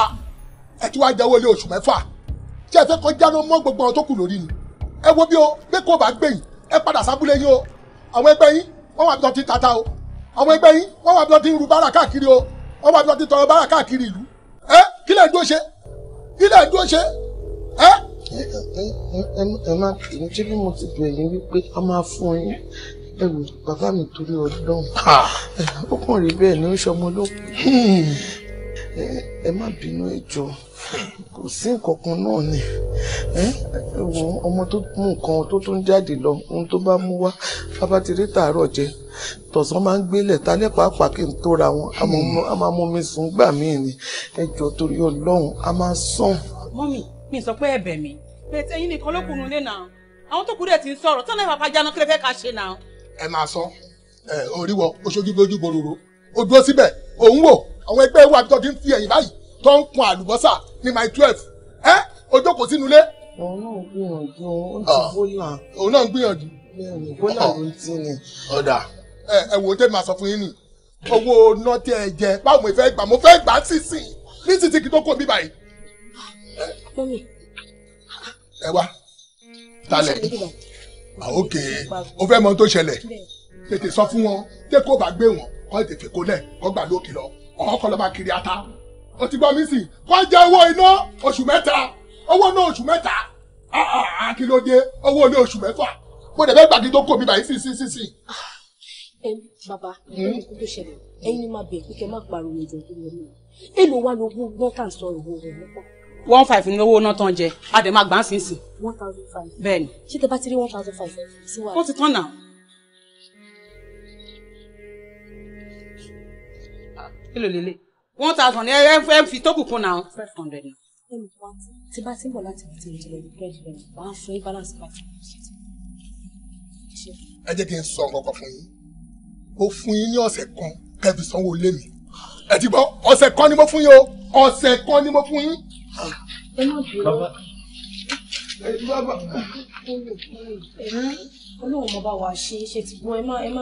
ẹ ti wá jẹ́wọ́ lé oṣù mẹ́fà tí ẹ fẹ́ kọjá ló mọ́ gbogbo àwọn tó kù lórí ni ẹ wo bí o pé kó o bá gbẹ̀yìn ẹ padà sábúlé yín o àwọn ẹgbẹ́ yín wọ́n wà bí wọ́n ti tata o àwọn ẹgbẹ́ yín wọ́n wà bí wọ́n ti ń ru bára káàkiri o wọ́n wà bí wọ́n ti tọrọ bára káàkiri ìlú kí lè dúró ṣe kí lè dúró ṣe ẹ. ẹ má bínú ṣé bí mo ti bẹ̀rẹ̀ yín wípé a máa fún yín ẹ wò bàbá mi torí ọdún ó kàn rí bẹ́ẹ̀ ní oṣù ọmọ ló kù hmm. ẹ má bínú ẹ jọ̀ọ́ kò sí nǹkankan náà ni wo ọmọ tó mú nǹkan tó tún jáde lọ ohun tó bá mú wá bàbá ti rí tààrọ̀ jẹ tọ̀sán máa ń gbélẹ̀ talẹ́ pàápàá kí n tó ra wọn a máa mú mi sùn gbà míì ni ẹjọ́ torí ọlọ́run a máa sàn. mọ́mì mi sọ pé ẹ̀bẹ̀ mi bẹ́ẹ̀ tí ẹ̀yin nìkan ló kùnú lé náà àwọn tó kù dẹ̀ ti ń sọ̀rọ̀ tọ́lá ìfapá jáná kí lè fẹ́ ká ṣe náà. ẹ máa sọ ẹ oríwọ oṣojú lójú bororo o dúró síbẹ̀ òun wò àwọn ẹgbẹ́ wa tó ti ń fi ẹ̀yìn báyìí tó ń kun àlùbọ́sà Ni my twelve ẹ ọjọ́ kò sínú ilé. òun náà gbìyànjú ó ti ah. bólà. òun náà gbìyànjú. bólà ló ń tí ni. ọ̀dà ẹ ẹ wo tẹ́ máa sọ fún yín nì owó nọ́tẹ̀ ẹ jẹ báwo mo fẹ́ gbà mo fẹ́ gbà sísìn ní títí kí tó kò mí báyìí. ẹ wá talẹ̀ òkè ah, o fẹ́ mọ tó ṣẹlẹ̀ tètè sọ fún wọn tẹ́ kó bá gbé wọn kọ́ tètè kó lẹ̀ kọ́ gbà lókè lọ ọ̀hún kọ́ kiri ata o ti gbọ́ mi sì kọ́ jẹ́ owó iná oṣù mẹ́ta owó iná oṣù mẹ́ta ah, ah, ah, kí ló dé owó ilé oṣù mẹ́fà mo dẹ̀ fẹ́ gbàgbé tó kò mi báyìí sí sí sí sí. bàbá hmm? kó tó ṣẹlẹ̀ ẹ̀yin máa bẹ̀ kíkẹ́ má pariwo ìjọ tó lọ mí èlò wa ló gbó gbọ́n tà ń sọ ìwọ òun nípa. one five ni owó iná tán jẹ a dẹ̀ máa gbà ń sìn sìn. one thousand five. bẹ́ẹ̀ni. ṣé tẹ bá ti rí one thousand five sí wa. ó ti tán náà. kí one thousand ẹ ẹ ẹ fi tó kùkùn náà five hundred naira. tí bá ti láti fi tèmi tẹ̀lé ní bẹ́ẹ̀ rẹ̀ wà á fún balance five ẹ jẹ́ kí n sọ kankan fún yín mo fún yín ní ọ̀sẹ̀ kan kẹ́ẹ̀fì sanwó lé mi ẹ ti gbọ́ ọ̀sẹ̀ kan ni mo fún yín o ọ̀sẹ̀ kan ni mo fún yín. ẹ má dúró ẹ ti mo bá wa ṣe ṣe ti gbọ́n ẹ má ẹ má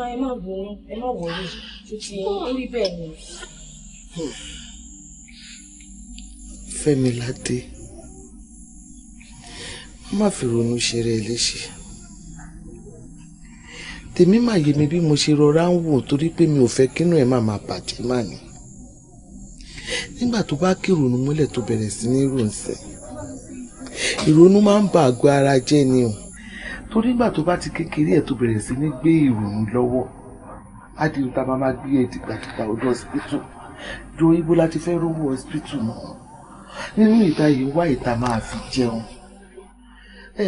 ẹ má wọlé ṣùtì lórí bẹ́ẹ̀ ni. Fẹ́miládé má fi ronú ṣeré léṣe tèmi máa yé mi bí mo ṣe rọra ń wò torí pé mi ò fẹ́ kínú ẹ̀ má máa bàjẹ́ mà ní nígbà tó bá kí ìrònú mọ́lẹ̀ tó bẹ̀rẹ̀ sí ní ròǹsẹ̀ ìrònú máa ń ba àgọ́ ara jẹ́ ni o torí nígbà tó bá ti kékeré ẹ̀ tó bẹ̀rẹ̀ sí ní gbé ìrònú lọ́wọ́ á di ìta máa máa gbé ẹ̀ dìgbàdìgbà ọdún ọsibítù jọ ibo láti fẹ́ rówó hospital mọ́ nínú ìta yìí wá ìta máa fi jẹun ẹ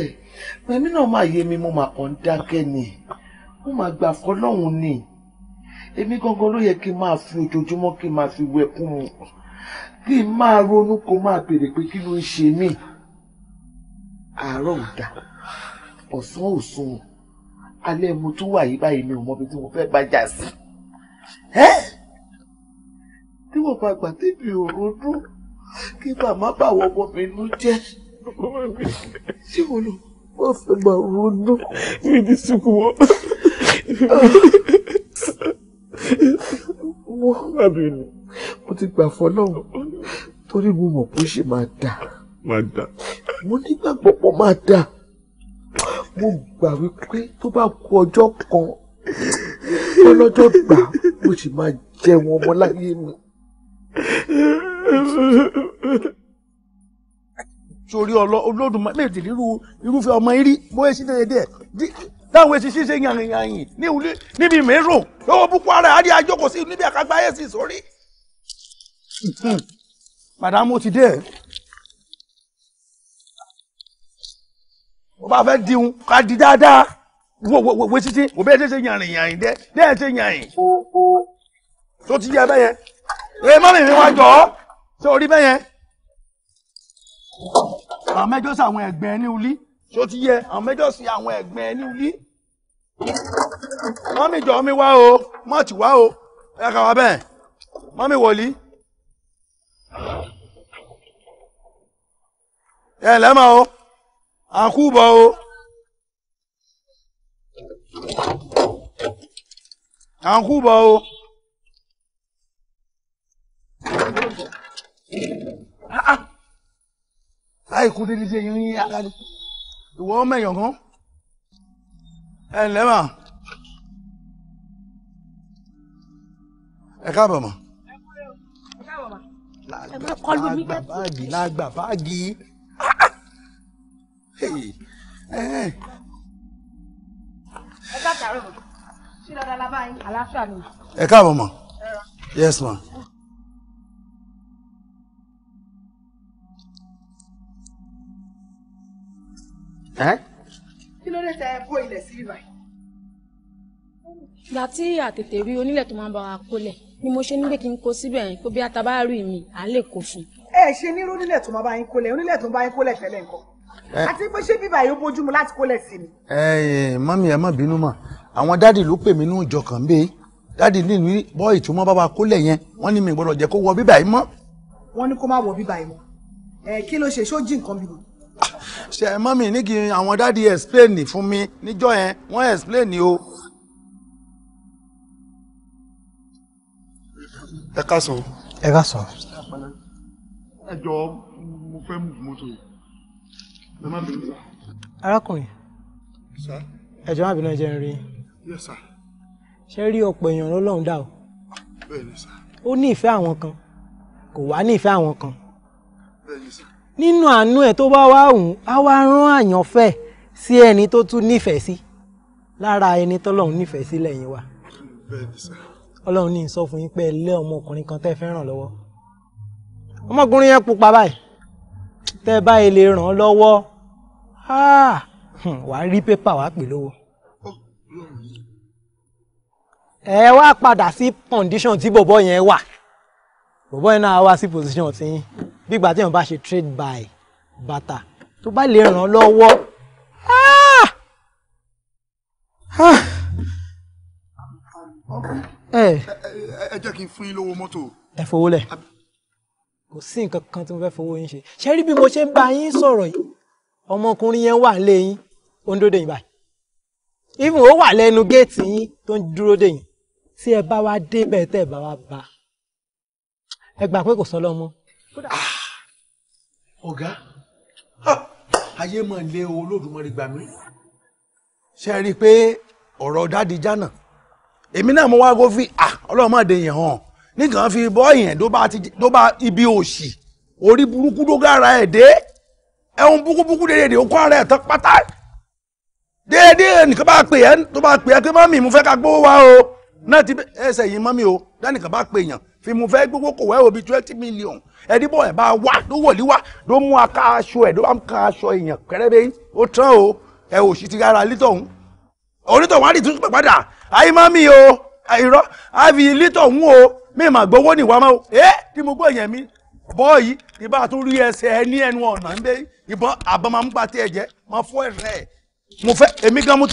mẹmí náà máa yé mi mo máa kàn dákẹ́ ni mo máa gbà fọ́ lọ́hùn ni èmi gangan ló yẹ kí n máa fi ojoojúmọ́ kí n máa fi wẹkún mu kí n máa ronú kó máa béèrè pé kí ló ń ṣe mí àárọ̀ ò dà ọ̀sán ò alẹ́ mo tún wà yí báyìí mi ò mọ ibi tí mo fẹ́ bá sí. ẹ́ níwọ̀n bá gbà tẹ́bi òru dún kí màmá bàwọ̀ ọmọ mi nú jẹ́ ṣé wọn lọ wọ́n fẹ́ máa ronú. mi ní sùkú wọ́n. wọ́n má bínú. mo ti gbà fọlọ́run torí mo mọ̀ bó ṣe máa dà. máa dà. mo nígbàgbọ́ pọ̀ máa dà. mo gbà wípé tó bá ku ọjọ́ kan ó gbà mo sì máa jẹun ọmọ láyé mi sórí ọlọ olódùmarè méjì nírú irúfẹ́ ọmọ irí bóyá sí déédéé táwọn èsì ṣíṣe yànyìnyànyìn ní ìwúlé níbi mìíràn lọ́wọ́ púpọ̀ ara àdé àjọkọ̀ sí níbi àkágbá ẹ̀sìn sórí. màdàmú ti dé ẹ̀. ó bá fẹ́ diun ká di dáadáa wo wo wo wo títí òbí ẹ̀ ṣe ṣe yànyìnyànyìn dẹ́ dẹ́ ẹ̀ ṣe yànyìn tó ti yẹ bẹ́yẹn ẹ mọ́mì mi wá jọ ṣé orí bẹ́yẹn àwọn mẹ́jọ sí àwọn ẹ̀gbẹ́ ní ulí ṣó ti yẹ àwọn mẹ́jọ sí àwọn ẹ̀gbẹ́ ní ulí mọ́mì jọ mi wá o ti wá o ẹ kà wá bẹ́ẹ̀ mọ́mì wọ̀lí. ẹ lẹ́mọ̀ o àkúbọ̀ o àkúbọ̀ o. ikú dídí sí eyín yín aláàlú ìwọ ọmọ èèyàn kan ẹ ǹlẹ́ mà ẹ káàbọ̀ mà. lágbà báàgì ẹ káàbọ̀ mà. yes ma. kí ló dé tẹ bó ilẹ̀ sí ibà yìí. ìgbà tí àtètè rí onílẹ̀ tó máa ń bá wa kólẹ̀ ni mo ṣe ní kí n kó síbẹ̀ yẹn kó bí atabarí mi à ń lè kó fún. ẹ ṣe nírú onílẹ̀ tó máa bá yín kólẹ̀ onílẹ̀ tó bá yín kólẹ̀ tẹ́lẹ̀ nǹkan àti pé ṣé bíbá yóò bójúmu láti kólẹ̀ sí mi. ẹ ẹ mọ́mí ẹ má bínú mọ́ àwọn dáàdì ló pè mí ní ìjọ kan bẹ́ẹ̀ dáàdì ní ní bọ́ọ̀ì tó mọ́ bá wa kólẹ̀ yẹn wọ́n ní mi gbọ́dọ̀ jẹ́ kó wọ bíbá yìí mọ́. wọ́n ní kó má wọ bíbá yìí mọ́ kí ló ṣe ṣó nǹkan bíbá ṣe mọ́mì ní kí àwọn dáàdi explain fún mi níjọ́ yẹn wọ́n explain o. ẹ ká sọ. ẹ ká sọ. ẹ jọ mo fẹ́ mú mọ́tò yìí ẹ má bínú sá. arákùnrin ẹ jọ má bínú ẹ jẹ́ n rí. ṣé rí ọ̀pọ̀ èèyàn lọ́lọ́run dà o. ó ní ìfẹ́ àwọn kan kò wá ní ìfẹ́ àwọn kan. bẹ́ẹ̀ sá nínú àánú ẹ̀ tó bá wá wù á wá rán àyànfẹ́ sí ẹni tó tún nífẹ̀ẹ́ sí lára ẹni tọ́lọ́run nífẹ̀ẹ́ sí lẹ́yìn wa ọlọ́run ní sọ fún yín pé ẹlẹ́ ọmọkùnrin kan tẹ́ fẹ́ ràn lọ́wọ́ ọmọkùnrin yẹn pupa báyìí tẹ́ báyìí lè ràn lọ́wọ́ wàá rí pépà wàá pè lówó ẹ wá padà sí kọ̀ǹdíṣọ̀n tí bọ̀bọ̀ yẹn wà bọ̀bọ̀ yẹn náà wá sí pòsíṣọ̀n tí yín bí ìgbà tí èèyàn bá ṣe trade by bàtà tó bá lè ràn án lọ́wọ́. Ah! Ah! ẹ jẹ́ kí n fún yín lówó mọ́tò. ẹ fowó lẹ̀ kò sí nǹkan kan tí mo fẹ́ fowó yín ṣe ṣé rí bí mo ṣe ń bá yín sọ̀rọ̀ yìí ọmọkùnrin yẹn wà nílé yín ó ń dúró dè yín báyìí even ó wà lẹ́nu géètì yín tó ń dúró dè tí ẹ bá wá débẹ̀ tẹ́ ẹ bá wá bá ẹ gbà pé kò sọ lọ́mọ. kódà ah! ọ̀gá ayé mọ̀ lé Olódùmarè gbà mí ṣe rí i pé ọ̀rọ̀ dáàdi jánà èmi náà mo wá kó fi ah, ọlọ́run má de yẹn hàn nìkan fi bọ́ yẹn tó bá ibi òṣì orí burúkú tó gára ẹ̀ dé ẹ̀hún búkúbúkú déédéé ó kọ́ ara ẹ̀ tán pátá déédéé nìkan bá pè ẹ́ tó bá pè ẹ́ pé mọ́mì mo fẹ́ ká gbówó wá o náà ti ẹsẹ̀ yìí mọ́mì o dánìkan bá pè yàn fi mu fẹ́ gbogbo kò wẹ́wò bíi twenty million ẹni bọ̀ ẹ̀ bá wá ló wọ̀lí wá ló mú aká aṣọ ẹ̀ ló bá ń ka aṣọ èèyàn kẹrẹ́bẹ́ yín ó tán o ẹ ò sì ti ara lítọ̀hún onítọ̀hún á lè tún pẹ̀ padà ayé má mi o irọ́ á fi lítọ̀hún o mi mà gbowó nìwá mọ́ o ẹ́ tí mo gbọ́ èèyàn mi bọ́ọ̀yì ní bá a tún rí ẹsẹ̀ ẹ ní ẹnu ọ̀nà ń bẹ ìbọn àbọn máa ń pa tiẹ̀ jẹ́ máa fọ́ ẹ̀rẹ́ ẹ̀ mo fẹ́ èmi gan mo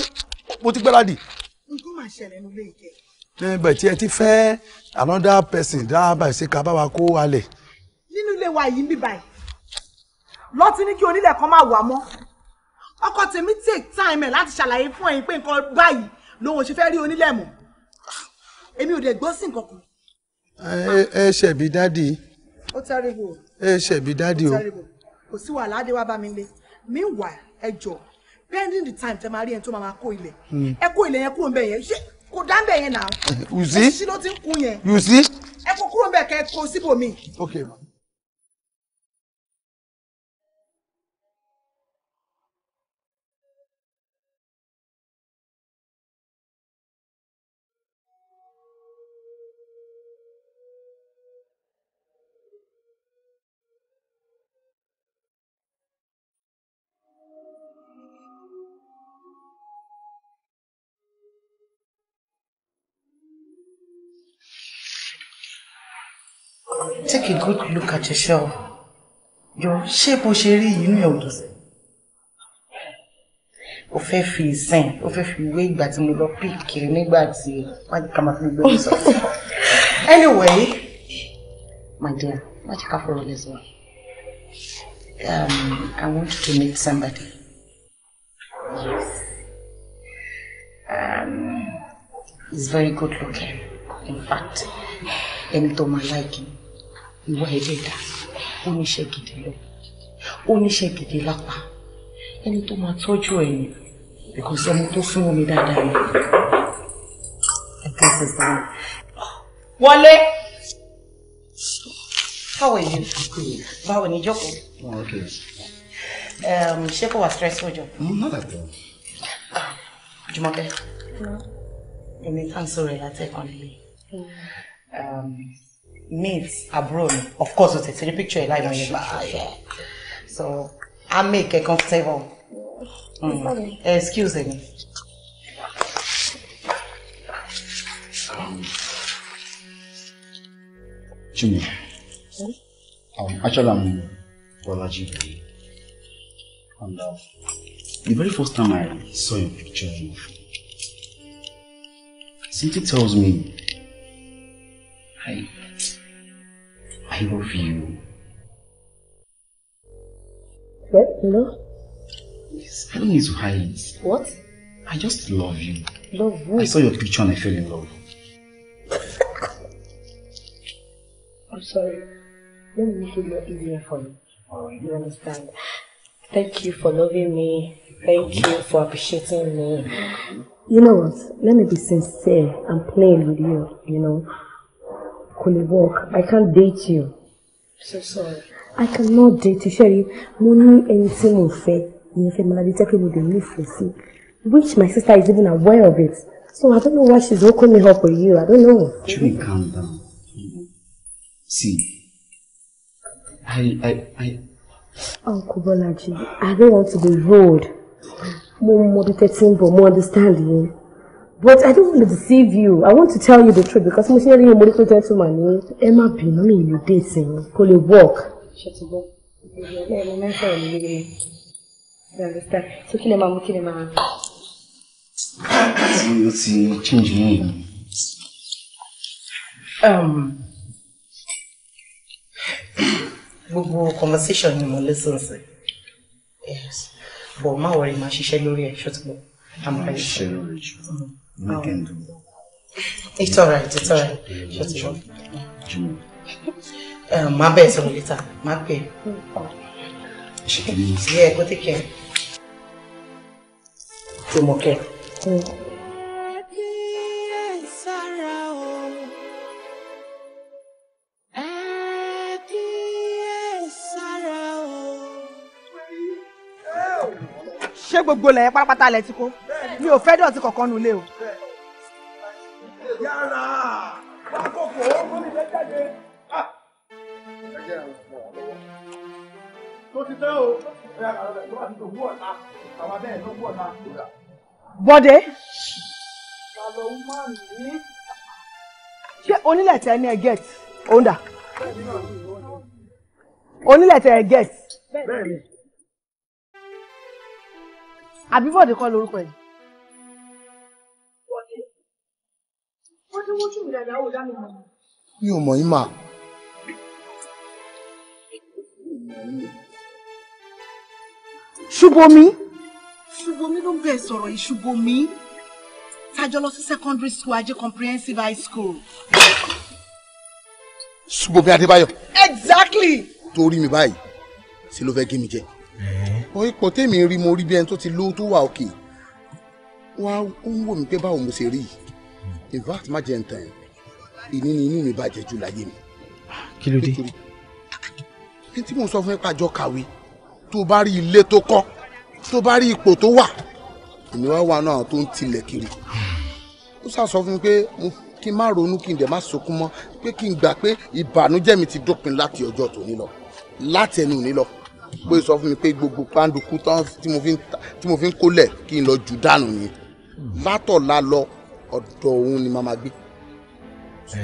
ti gbẹ́ra nǹkan máa ṣẹlẹ̀ nílé ìkẹyìn Eh, bẹ̀ tí ẹ ti fẹ́ another person dábàá ṣe ká bá wa kó wa lẹ̀. nínú ilé wa yìí ń bí báyìí lọ́tí ní kí onílẹ̀ kan máa wà mọ́ ọkọ tèmi take time ẹ̀ láti ṣàlàyé fún ẹ̀yin pé nǹkan báyìí lòun ò ṣe fẹ́ rí onílẹ̀ mọ́ èmi ò dẹ̀ gbọ́ sí nǹkan kan. Eh, eh, ẹ ṣẹ̀bi dádì. ó tẹ́rìbù. ẹ ṣẹ̀bi dádì o. kò sí wàhálà adé wa bá mi lé meanwhile ẹ jọ pending the time tẹ máa rí ẹni tó máa kó ilẹ̀ hmm. ẹ kó ilẹ̀ yẹn kúrò ń bẹ̀ yẹn ṣé kò dáńbẹ̀ yẹn na, you see. òṣìṣẹ́ ló ti ń kun yẹn. you see. ẹ kó kúrò ń bẹ̀ kẹ́ kó síbòmí. okay ma. take a good look at yourself. Your shape bó sherry, you know inú ẹ̀ ò dùn sí? O fẹ́ fi ìsìn, o fẹ́ fi wé ìgbà tí mo lọ píìkì nígbà tí má jẹ́ ká Anyway, my dear, má jẹ́ ká this one? Um, I want you to meet somebody. Yes. Um, he's very good looking. In fact, ẹni tó máa like him ìwà ẹlẹ́dà oníṣẹ́ gidi lọ oníṣẹ́ gidi lápá ẹni tó máa tọ́jú ẹ̀yìn because ẹni tó fún omi dáadáa ni. wọlé báwo ni báwo ni jókòó ṣé kò wá stressful mm, jọ. Ah, Jùmọ̀kẹ́ mm. èmi kan sọ̀rọ̀ ẹ̀ látẹ̀kọ́ nílé. Mm. Um, meet àbúrò mi of course o tètè rí picture yìí láì mọye gbà so i make a comfortable mm. excuse me. Jimmy, um, actually I'm Bolaji Bey, and uh, the very first time I saw your picture, something tells me I I love you. What? No? Yes, I don't need to hide. What? I just love you. Love who? I saw your picture and I fell in love. I'm sorry. Let me make it more easier for you. Alright. You understand? Thank you for loving me. Thank you for appreciating me. You know what? Let me be sincere. and plain with you, you know kò work I can't date you. So sorry. I cannot date you Sherry. mo ní ẹni tí mo fẹ́ ìyẹn fẹ́ Mọ́ládé tẹ́ pé mo lè nífẹ̀ẹ́ sí which my sister is even aware of it so I don't know why she's hooking me up with you I don't know. Jimmy calm down see I I I. Uncle Bolaji I don't want to be rude mo mọ bí tẹ́tí ń bọ̀ mo understand you but I don't want to deceive you. I want to tell you the truth because mo ṣe rí mo rí pé gentleman ni ẹ má bínú mi ìlú déètì yín work. Shut up. mo mẹ́fà ẹ̀ lórí mi you understand so kill lè máa kill kí lè máa. tí change me. Um, gbogbo conversation You mo listen sí yes but má wọrí máa ṣiṣẹ́ lórí ẹ̀ ṣètìgbọ́. I'm very sure we um, can do. It's all right. It's all right. Shut it up. Um, my bed, so later. My pay. She can Yeah, go take care. Tomorrow. Mm. gbogbo lẹ̀ pátápátá lẹ̀ ti kó mi ò fẹ́ dọ̀tí kankan nulẹ̀ o. yàrá lákòókò ó ní ìfẹ́ ah! tó ti tẹ́ o bọ́dé. ṣé onílẹ̀ tẹ ẹ get onda onílẹ̀ ẹ get. bẹ́ẹ̀ni àbí Bọ̀dé kọ́ lórúkọ ẹ̀. wọ́n ní wọ́n tún ìdàgbà wò dá mi mọ̀. mi ò mọ̀ yín mà. ṣubomi. ṣubomi ló ń bẹ̀ sọ̀rọ̀ yìí ṣubomi tájọ lọ sí secondary school ajé comprehensive high school. ṣubomi adébáyọ̀. exactly. torí mi báyìí ṣe ló fẹ́ gé mi jẹ ipò tèmi rí mo rí bí ẹni tó ti lówó tó wà òkè wá ó ń wò mí pé báwo mo ṣe rí yìí in fact má jẹ́ n tàn ìní ni inú mi bàjẹ́ jù láyé mi. Ah, kí ló dé. ní tí mò ń sọ fún ipa àjọ kàwé tó bá rí ilé tó kọ́ tó bá rí ipò tó wà èmi wá wà náà tó ń tilẹ̀ kiri ó sá sọ fún mi pé kí n má ronú kí n dẹ̀ má sunkún mọ́ pé kí n gbà pé ìbànújẹ́ mi ti dópin láti ọjọ́ tòní lọ láti ẹnu òní lọ pé sọ fún mi pé gbogbo pàǹdùkú tí mo fi ń kólẹ̀ kí n lọ jù dànù ni látọ̀la lọ ọ̀dọ̀ òun ni màmá gbé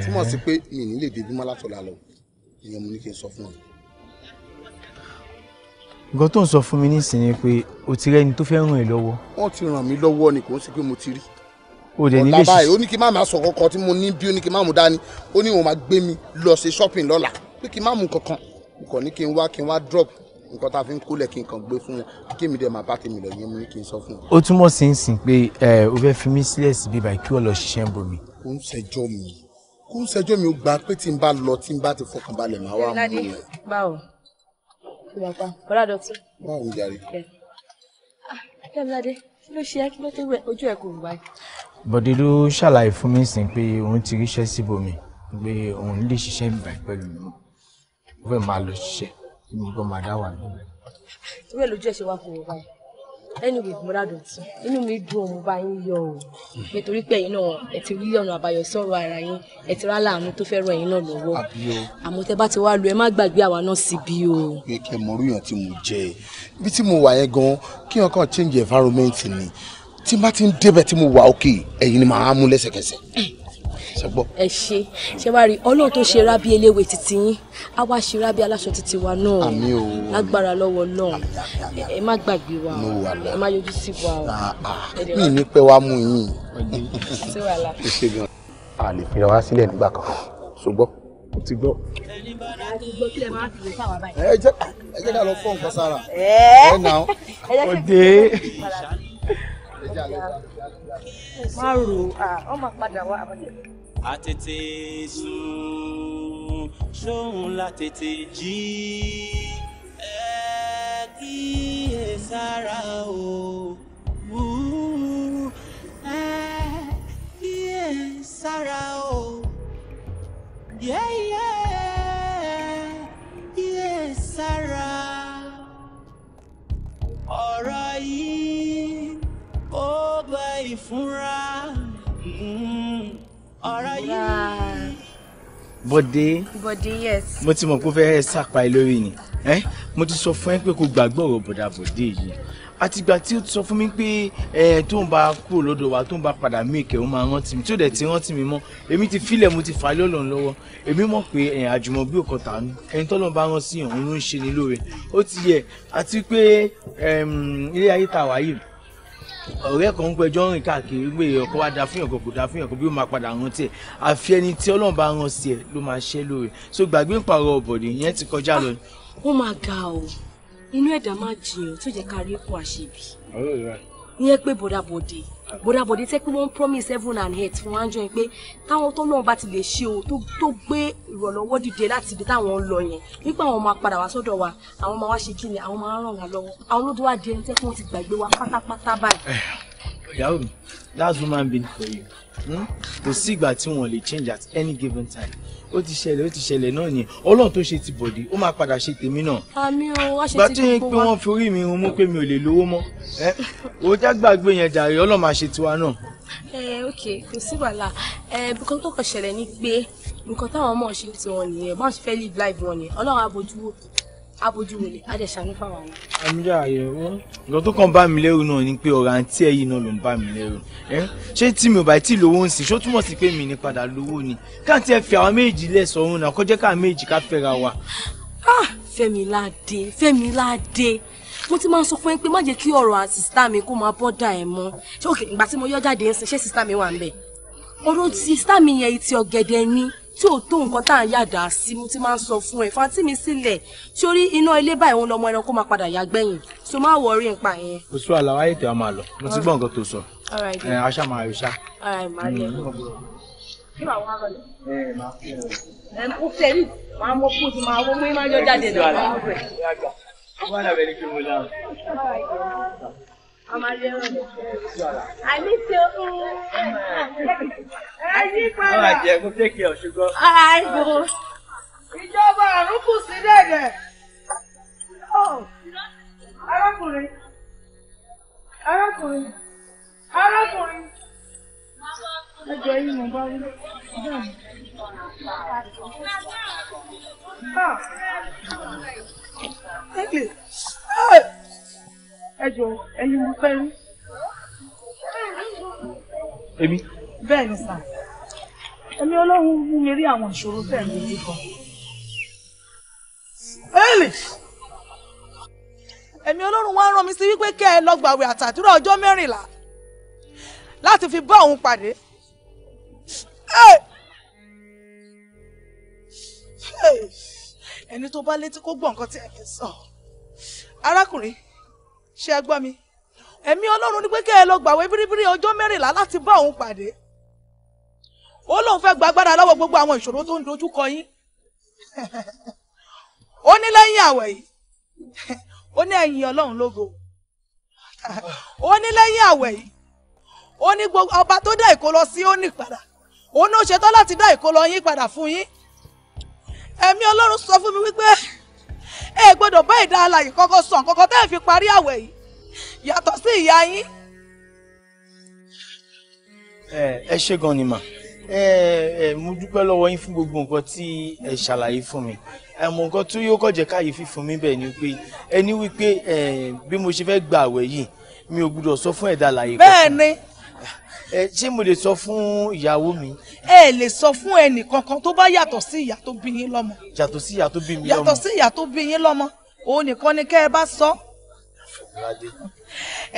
túmọ̀ sí pé mi ní lè débi mọ́ látọ̀la lọ ìyẹn mo ní kí n sọ fún ọ. nǹkan tó ń sọ fún mi nísìnyí pé o ti rẹ́ni tó fẹ́ ràn ẹ́ lọ́wọ́. wọ́n ti ràn mí lọ́wọ́ ni kò ń ṣe pé mo ti rí o dẹ̀ nílé ṣiṣẹ́ ó ní kí n má máa sọ kankan tí mo ní bí ó ní kí n má mú dání ó ní òun máa gbé mi lọ ṣe shopping lọ́la pé kí n má mú kankan kò ní kí n wá kí n wá drop nǹkan tá a fi ń kólẹ̀ kí n kàn gbé fún wọn kí èmi dẹ̀ máa bá tèmi lọ yẹn mú kí n sọ fún wọn. ó túmọ̀ sí ń sìn pé o fẹ́ fi mí sílẹ̀ síbi báyìí kí wọ́n lọ ṣiṣẹ́ ń bomi. kó ń ṣẹjọ́ mi kó ń ṣẹjọ́ mi ó gbà pé tí n bá lọ tí n bá ti fọkàn máa wà mú mi. báwo bọ́lá dọ́tí. báwo jàre. dábìládé kí ló ṣe é kí ló tó wẹ ojú ẹ kò rú bọ̀dé ló ṣàlàyé fún mi sìn pé òun ti ríṣẹ́ síbòmí pé òun lè ṣiṣẹ́ ìgbà pẹ̀lú mi ó fẹ́ máa lọ ṣiṣẹ́ èmi gan máa dá wà níbẹ̀. ìwé lójú ẹ̀ ṣe wá fún báyìí anyway bùrọ̀dá dọ̀tún inú mi dùn ọmọ bá yín yọ ọ nítorí pé ẹ̀yin náà ẹ ti rí ọ̀nà àbáyọ sọ̀rọ̀ ara yín ẹ ti rá láàánú tó fẹ́ ràn yín náà lọ́wọ́ àmọ́ tẹ bá ti wá lu ẹ má gbàgbé àwa náà síbi o. pé kẹ mọ orí tí mo jẹ ibi tí mo wà yẹn gan kí wọn kàn change environment ni tí n bá ti ń débẹ̀ tí mo wà òkè ẹ̀yin ni màá mú lẹ́sẹ̀kẹsẹ̀. Eh, ṣùgbọ́n. ẹ ṣe ṣe wá rí ọlọ́run tó ṣe rábí eléwé títí yín á wá ṣe rábí aláṣọ títí wa náà lágbára lọ́wọ́ náà ẹ má gbàgbé wa ẹ má yọjú sí wa o. Ah, ah. mi ní pẹ́ wá mú yín. a lè fi wá sílẹ̀ nígbà kan ṣùgbọ́n o ti gbọ́. ẹ jẹ́ ká lọ fọ́ nǹkan sára. ẹ náà. ọ̀dẹ́ má rò ah, ó máa padà wá àbálẹ̀. a tètè sùn sóhun la tètè jí ẹ kíyè sára o ẹ kíyè sára o ọ̀rọ̀ yìí ìfúnra mm-hmm. ọ̀rọ̀ yìí. bọ́dé bọ́dé yes. mo ti mọ̀ pé ó fẹ́ẹ́ sàpá ẹ lórí ni mo ti sọ fún ẹ pé kò gbàgbọ́ ọ̀rọ̀ bọ̀dà bọ̀dé yìí àtìgbà tí ó sọ fún mi pé ẹ tó ń bá kúrò lọ́dọ̀ wa tó ń bá padà mí ìkẹ́ ó máa rántí mi tí ó dẹ̀ ti rántí mi mọ́ èmi ti filẹ̀ mo ti fà á lọ́lọ́run lọ́wọ́ èmi mọ̀ pé ẹ̀ àjùmọ̀ bí òkò tàánú ẹni tọ́lọ́ bá rán sí ọ̀hún ló ń ṣe ní lóore ó ti yẹ àti pé ilé ayé tàwa yìí ọ̀rẹ́ kan ń pẹjọ́ rìn káàkiri pé ọkọ wa da fún ọkọ kò da fún ọkọ bí ó máa padà rántí ẹ̀ àfi ẹni tí ọlọ́run bá rán sí ẹ ló máa ṣẹ́ lóore so gbàgbé ń pààrọ̀ ọ̀bọ̀dì ìyẹn ti kọjá lọ. Ah, ó máa ga o inú ẹ̀dá máa jiyàn tó jẹ́ ká rí ikú àṣebí ìyẹn pé bọ̀dàbọ̀dẹ̀ bọ̀dàbọ̀dé tẹ́ pé wọ́n promise heaven and earth fún wájú yẹn pé táwọn tó náà bá ti lè ṣe o tó gbé ìrànlọ́wọ́ dìde láti ibi táwọn ń lọ yẹn nígbà àwọn máa padà wá sọ́dọ̀ wa àwọn máa wá ṣe kí ni àwọn máa ràn wá lọ́wọ́ àwọn ló dé di ẹni tẹ́ pé wọ́n ti gbàgbé wa pátápátá báyìí. Eh, ìyàwó mi that's human being for you hmm? kò sí ìgbà tí wọn lè change at any given time ó ti ṣẹlẹ̀ ó ti ṣẹlẹ̀ náà ni ọlọ́run tó ṣe ti bọ̀dé ó máa padà ṣe tèmi náà. àmì o wá ṣe ti gbogbo wa. gbàtí pé wọ́n forí mi mú pé mi ò lè lówó mọ́ ẹ ò gbàgbé yẹn jàre ọlọ́run máa ṣe tiwa náà. ẹ ok kò sí wàhálà ẹ bùkún tó kàn ṣẹlẹ̀ ni pé nǹkan táwọn ọmọ ṣe tiwọn nìyẹn báwọn ṣe fẹ́ live live wọn nìyẹn ọlọ́run á wò abojú wòlé adẹ̀sánú fáwọn. àmúyá àyẹ̀wò nǹkan tó kàn bá mi lẹ́rù náà ni pé ọ̀rọ̀ àǹtí ẹ̀ yìí náà ló ń bá mi lẹ́rù ṣé tí mi ò bá tí lówó ń sìn ṣó túmọ̀ sí pé mi ní padà lówó ni káàntì ẹ fi àwọn méjì lẹ̀ sọ̀run náà kọjá ká méjì ká fẹ́ra wa. fẹ́mi ah, láde fẹ́mi láde mo ti máa ń sọ fún yín pé má jẹ́ kí ọ̀rọ̀ àsìsítà mi kó máa bọ́dà ẹ̀ mọ́ ṣé òkè ìgbà tí mo yọ ń sin ṣé sísítà mi wà ń bẹ̀ ọ̀rọ̀ sísítà mi yẹn ti ọ̀gẹ̀dẹ̀ ni tí ò tó nǹkan tá à ń yàdá sí mo ti máa ń sọ fún ẹ fanti mi sílẹ̀ sórí iná ilé báyìí òun lọmọ ẹranko máa padà yá gbẹ̀yìn so má wọrí nípa yẹn. oṣù àlàó ayé tẹ lọ mo ti gbọ́ nǹkan tó sọ ẹ aṣá máa rí ṣá. Mm, i miss you máa jẹ kó kéèké ọ̀ṣùgbọ́n. àìgbò ìjọba àrùn kù sí dẹ̀dẹ̀. Oh, arákùnrin arákùnrin arákùnrin ẹjọ yìí mo bá wí. Ah. Ah. ẹjọ ẹyin mo fẹ́ rí. èmi. bẹ́ẹ̀ ni sà ẹ̀mí ọlọ́run mú mi rí àwọn ìṣòro tẹ̀ mí ti kan. Eli ẹ̀mí ọlọ́run wá rán mi sí wípé kẹ́ ẹ lọ gbàwé àtàdúrà ọjọ́ mẹ́rìnlá láti fi bá òun pàdé. ẹni tó bá létí kó gbọ́ nǹkan tí ẹ̀mí sọ. arákùnrin ṣe ẹ gbọ́ mi ẹ̀mí ọlọ́run ní pé kẹ́ ẹ lọ bíríbírí ọjọ́ mẹ́rìnlá láti bá òun pàdé ó lóun fẹ́ gba agbára lọ́wọ́ gbogbo àwọn ìṣòro tó ń dojú kọ yín ó ní lẹ́yìn àwẹ̀ yìí ó ní ẹ̀yìn ọlọ́run lógo ó ní lẹ́yìn àwẹ̀ yìí ó ní gbogbo ọba tó dá ìkó lọ sí ó ní padà ó ní ó láti dá ìkó lọ yín padà fún yín ẹ̀mí ọlọ́run sọ fún mi wípé ẹ gbọ́dọ̀ bá ìdá alàyè kọ́kọ́ sàn kọ́kọ́ tẹ́ ẹ fi parí àwẹ̀ yìí yàtọ̀ sí ìyá yín. ẹ ṣe gan ni mà ẹ mo dúpẹ́ lọ́wọ́ yín fún gbogbo nǹkan tí ẹ ṣàlàyé fún mi ẹ mọ nǹkan tó yóò kọ̀jẹ́ káyéfì fún mi bẹ́ẹ̀ ni pé ẹni wípé bí mo ṣe fẹ́ gba àwẹ̀ yìí mi ò gbúdọ̀ sọ fún ẹ̀dá àlàyé kankan. bẹ́ẹ̀ ni ẹ ṣé mo lè sọ fún ìyàwó mi. ẹ lè sọ fún ẹnì kankan tó bá yàtọ̀ sí ìyá tó bí yín lọ́mọ. yàtọ̀ sí ìyá tó bí mi lọ́mọ. yàtọ̀ sí ìyá tó bí yín lọ́mọ òun nìkan ni kẹ́ ẹ bá sọ.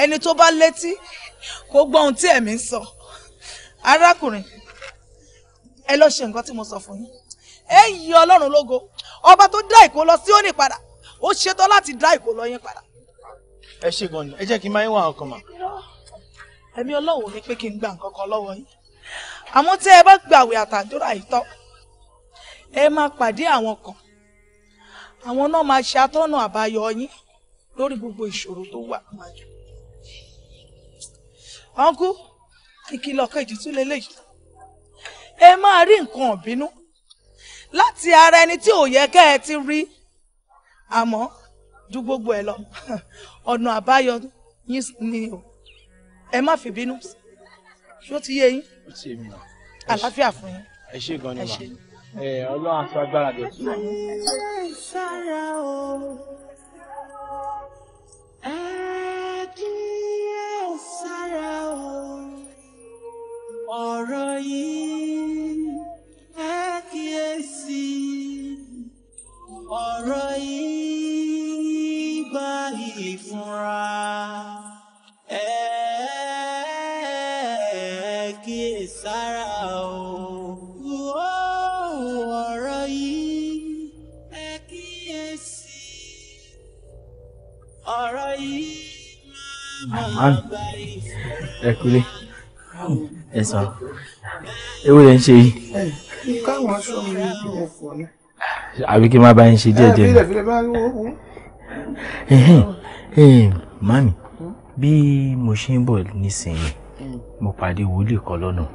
ẹni tó bá létí kó gbọ́ ohun tí ẹ̀mí ń sọ arákùnrin ẹ lọ ṣe nǹkan tí mo sọ fún yín ẹ yí ọlọ́run lógo ọba tó dá ìkó lọ Síónì padà ó ṣetán láti dá ìkó lọ yín padà. ẹ ṣe gan ni ẹ jẹ́ kí n máa ń wà ọkàn mà. ẹ̀mí ọlọ́wọ́ ni pé kí n gba nǹkan kan lọ́wọ́ yín àmọ́ tí ẹ bá gbàwé àtàdúrà yìí tán ẹ máa pàdé àwọn kan àwọn náà máa ṣe atọ́nà àbáyọ yín lórí gbogbo ìṣòro tó wà níwájú. ọ̀nkú ìkìlọ̀ kejì tún lélẹ́yìí ẹ máa rí nǹkan ọ̀bínú láti ara ẹni tí ò yẹ kẹ́ ẹ ti rí àmọ́ ju gbogbo ẹ lọ *laughs* ọ̀nà àbáyọ yín ni o ẹ má fi bínú ṣó ti yé yín àlàáfíà fún yín. ẹ ṣe gan ni ma ọlọ́run aṣọ agbára dẹ̀ tún. ẹ kúlé ẹ sọ ewu lẹ ń ṣe yìí. káwọn aṣọ mi ní ọkọ ni. àbí kí n má bá yín ṣe díẹ̀ díẹ̀. ẹ fi lè bá yín wọ́n. mami hmm? bí mo ṣe ń bọ̀ nísìnyí hmm. mo pàdé wòlíì kan lọ́nà ah.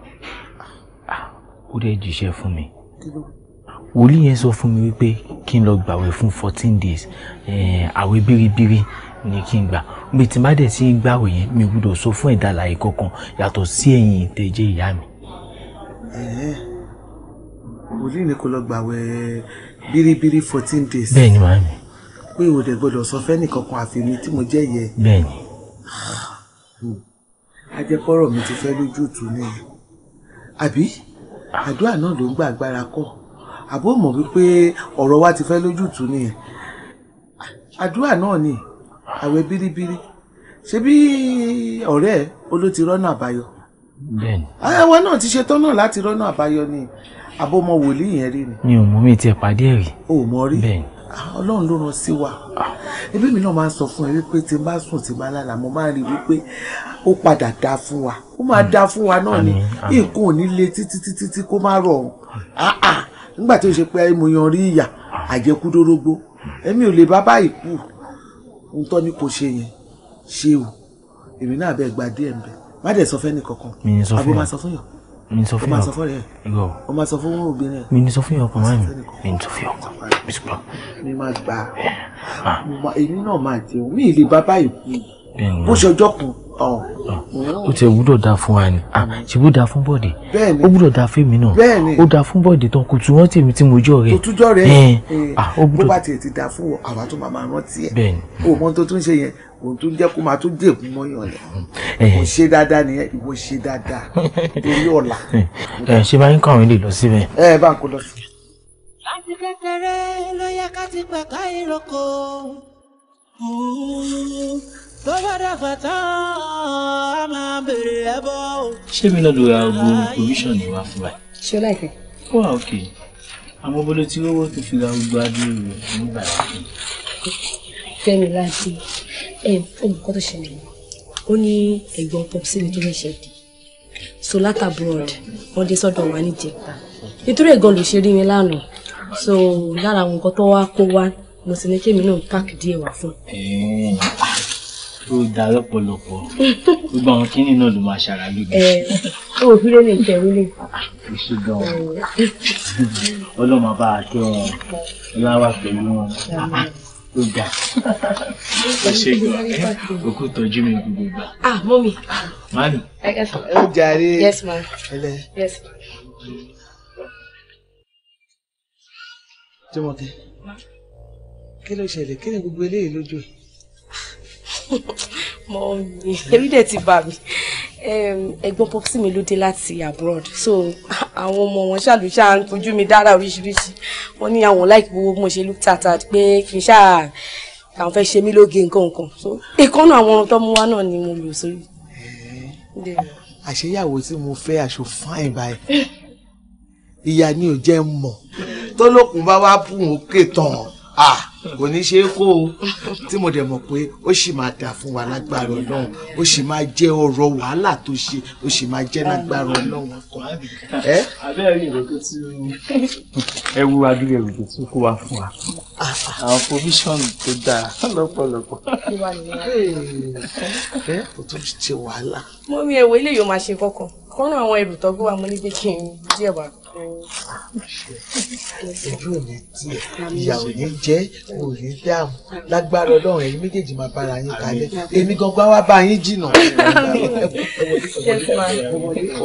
Ah, ó dẹ̀ jíṣẹ́ fún mi wòlíì yẹn sọ fún mi wípé kí n lọ gbàwẹ̀ fún fourteen days eh, àwẹ̀ bíríbírí. Ni kí n gbà bí tí n bá dẹ̀ sí ń gbà òye mi gbúdọ̀ sọ fún ẹ̀dá àlàyé kankan yàtọ̀ sí ẹ̀yìn ìtẹ̀jẹ́ ìyá mi. wòlíì ni kò lọ gbàwẹ̀ bíríbírí fourteen days. bẹ́ẹ̀ ni màámi. pé o dẹ̀ gbọ́dọ̀ sọ fẹ́ nìkankan àfi mi tí mo jẹ́ yẹ. bẹ́ẹ̀ ni. Hmm. ajẹpọ̀rọ̀ mi ti fẹ́ lójútùú ni àbí àdúrà náà ló ń gba agbára kọ àbó mọ̀ wípé ọ̀rọ̀ wa ti fẹ́ lójútùú ni àdúrà náà ni àwẹ̀ bíríbírí ṣebí ọ̀rẹ́ ẹ oló ti rọ́nà àbáyọ. bẹ́ẹ̀ni. Ah, àwa náà ti ṣe tán náà láti rọ́nà àbáyọ ni àbọmọ wòlíì yẹn rí ni. mi ò mọ mi tiẹ̀ pàdé ẹ̀ rí. o ò mọ rí ah, ọlọ́run ló rán sí wa ah, ẹbí mi náà máa ń sọ fún ẹ wípé tí n bá sùn tí n bá lálàá mo máa ń rí wípé ó padà dáa fún wa ó máa dáa fún wa náà ni nǹkan ò ní le títí títí tí kó má rọ̀ ọ́n nígbà tó ṣe pé mo yan rí ìyà àjẹkúdórógbó èmi ò lè bá báyìí kú ohun tó ní kò ṣe yẹn ṣe o èmi náà bẹ gba díẹ̀ ń bẹ má dẹ̀ sọ fẹ́ ní kankan àbí máa sọ fún yàn mi sọ fún yàn ọkọ o máa sọ fún obìnrin mi ni sọ fún yàn ọkọ máa mi ni sọ fún yàn ọkọ mi sọ fún yàn. mi máa gbà èmi náà máa jẹun mi ì lè bá báyìí kú bó ṣe ọjọ́ kan Oh. Ah, ó ti gbúdọ̀ da fún wa ni ṣe bó da fún bọ́ọ̀dì ó gbúdọ̀ da fún èmi náà ó da fún bọ́ọ̀dì tán kò tún rántí èmi tí mo jọ rẹ kò jọ rẹ eh, ah, bó bá tiẹ̀ ti da fún wọn àwa tó máa rántí ẹ̀ o mọ tó tún ṣe yẹn òun tún jẹ́ kó máa tún dèbù mọ́yàn rẹ̀ kò ṣe dáadáa nìyẹn ìwọ ṣe dáadáa torí ọ̀la. ṣé bá ń kọ́ àwọn ilé lọ síbẹ̀. ẹ bá ń kó lọ sí. láti kékeré ló ká ti pẹ̀ka ìrókò ṣé mi lọ́ọ́ lo ra gbogbo provision yìí wá fún wa. ṣé o láìpẹ́. ó wà òkè àmọ́ bolo tí owó tó fi ra gbogbo adúlọ rẹ̀ nígbà yìí. Fẹ́mi láti ẹ olùkọ́ tó ṣẹlẹ̀ ó ní ẹ̀gbọ́n pọ́pùsì mi tó fẹ́ ṣe dì so láti abroad wọ́n dé sọ́dọ̀ wa ní jẹta nítorí ẹ̀gbọ́n ló ṣe rí mi lánàá so lára àwọn nǹkan tó wá kó wá mo sì ní kémi náà pack díẹ̀ wá fún ó da lọ́pọ̀lọpọ̀ gbogbo àwọn kínní náà ló máa ṣara lóde. ẹ ò fi lè lè tẹ̀wé lè. èso gan ọlọ́mọ bá a kẹ́ wọn ọláwà pẹ̀lú wọn ó ga ó ṣe gan òkú tọ́jú mi gbogbo ìgbà. ah mọ́mí. mami. ó jàre. yes ma. yes ma. jọmọkẹ kí ló ṣẹlẹ̀ kí ni gbogbo eléyìí lójú ẹ mọ mi èmi dẹ̀ ti bà mí ẹ̀gbọ́n pọ́pọ́sì mi ló dé láti abroad so àwọn ọmọ wọn ṣàlùṣà ń tọ́jú mi dára oríṣiríṣi wọ́n ní àwọn láìpẹ́ owó mo ṣe lù tàtà pé kì í ṣáà àwọn fẹ́ ṣe mí lóge nǹkan nǹkan so ìkọ́nù àwọn ọ̀rọ̀ tó mú wá náà ni mo lò sórí. àṣeyàwó tí mo fẹ́ aṣọ fáìn báyìí ìyá ni ò jẹ́ mọ̀ tó lókun bá wá bù ú kè tán kò ní ṣe é kó o tí mo dẹ̀ mọ̀ pé ó sì máa dà fún wa lágbára ọlọ́run ó sì máa jẹ́ ọ̀rọ̀ wàhálà tó ṣe ó sì máa jẹ́ lágbára ọlọ́run kan. ẹ wo adúlé òde tó kó wa fún wa àwọn provision tó dáa lọ́pọ̀lọpọ̀. ẹ o tún ti ṣe wàhálà. mọ́mí ẹ̀wọ̀ eléyìí ó máa ṣe kọ́kọ́ kọ́nà àwọn ẹrù tó gbé wa mo ní pé kí n díẹ̀ wá ẹjọ́ ò ní tiẹ̀ ìyàwó ní jẹ́ kò dáàmú lágbára ọlọ́run ẹ̀yin méjèèjì máa bára yín kalẹ̀ èmi gangan wá bá yín jìnnà.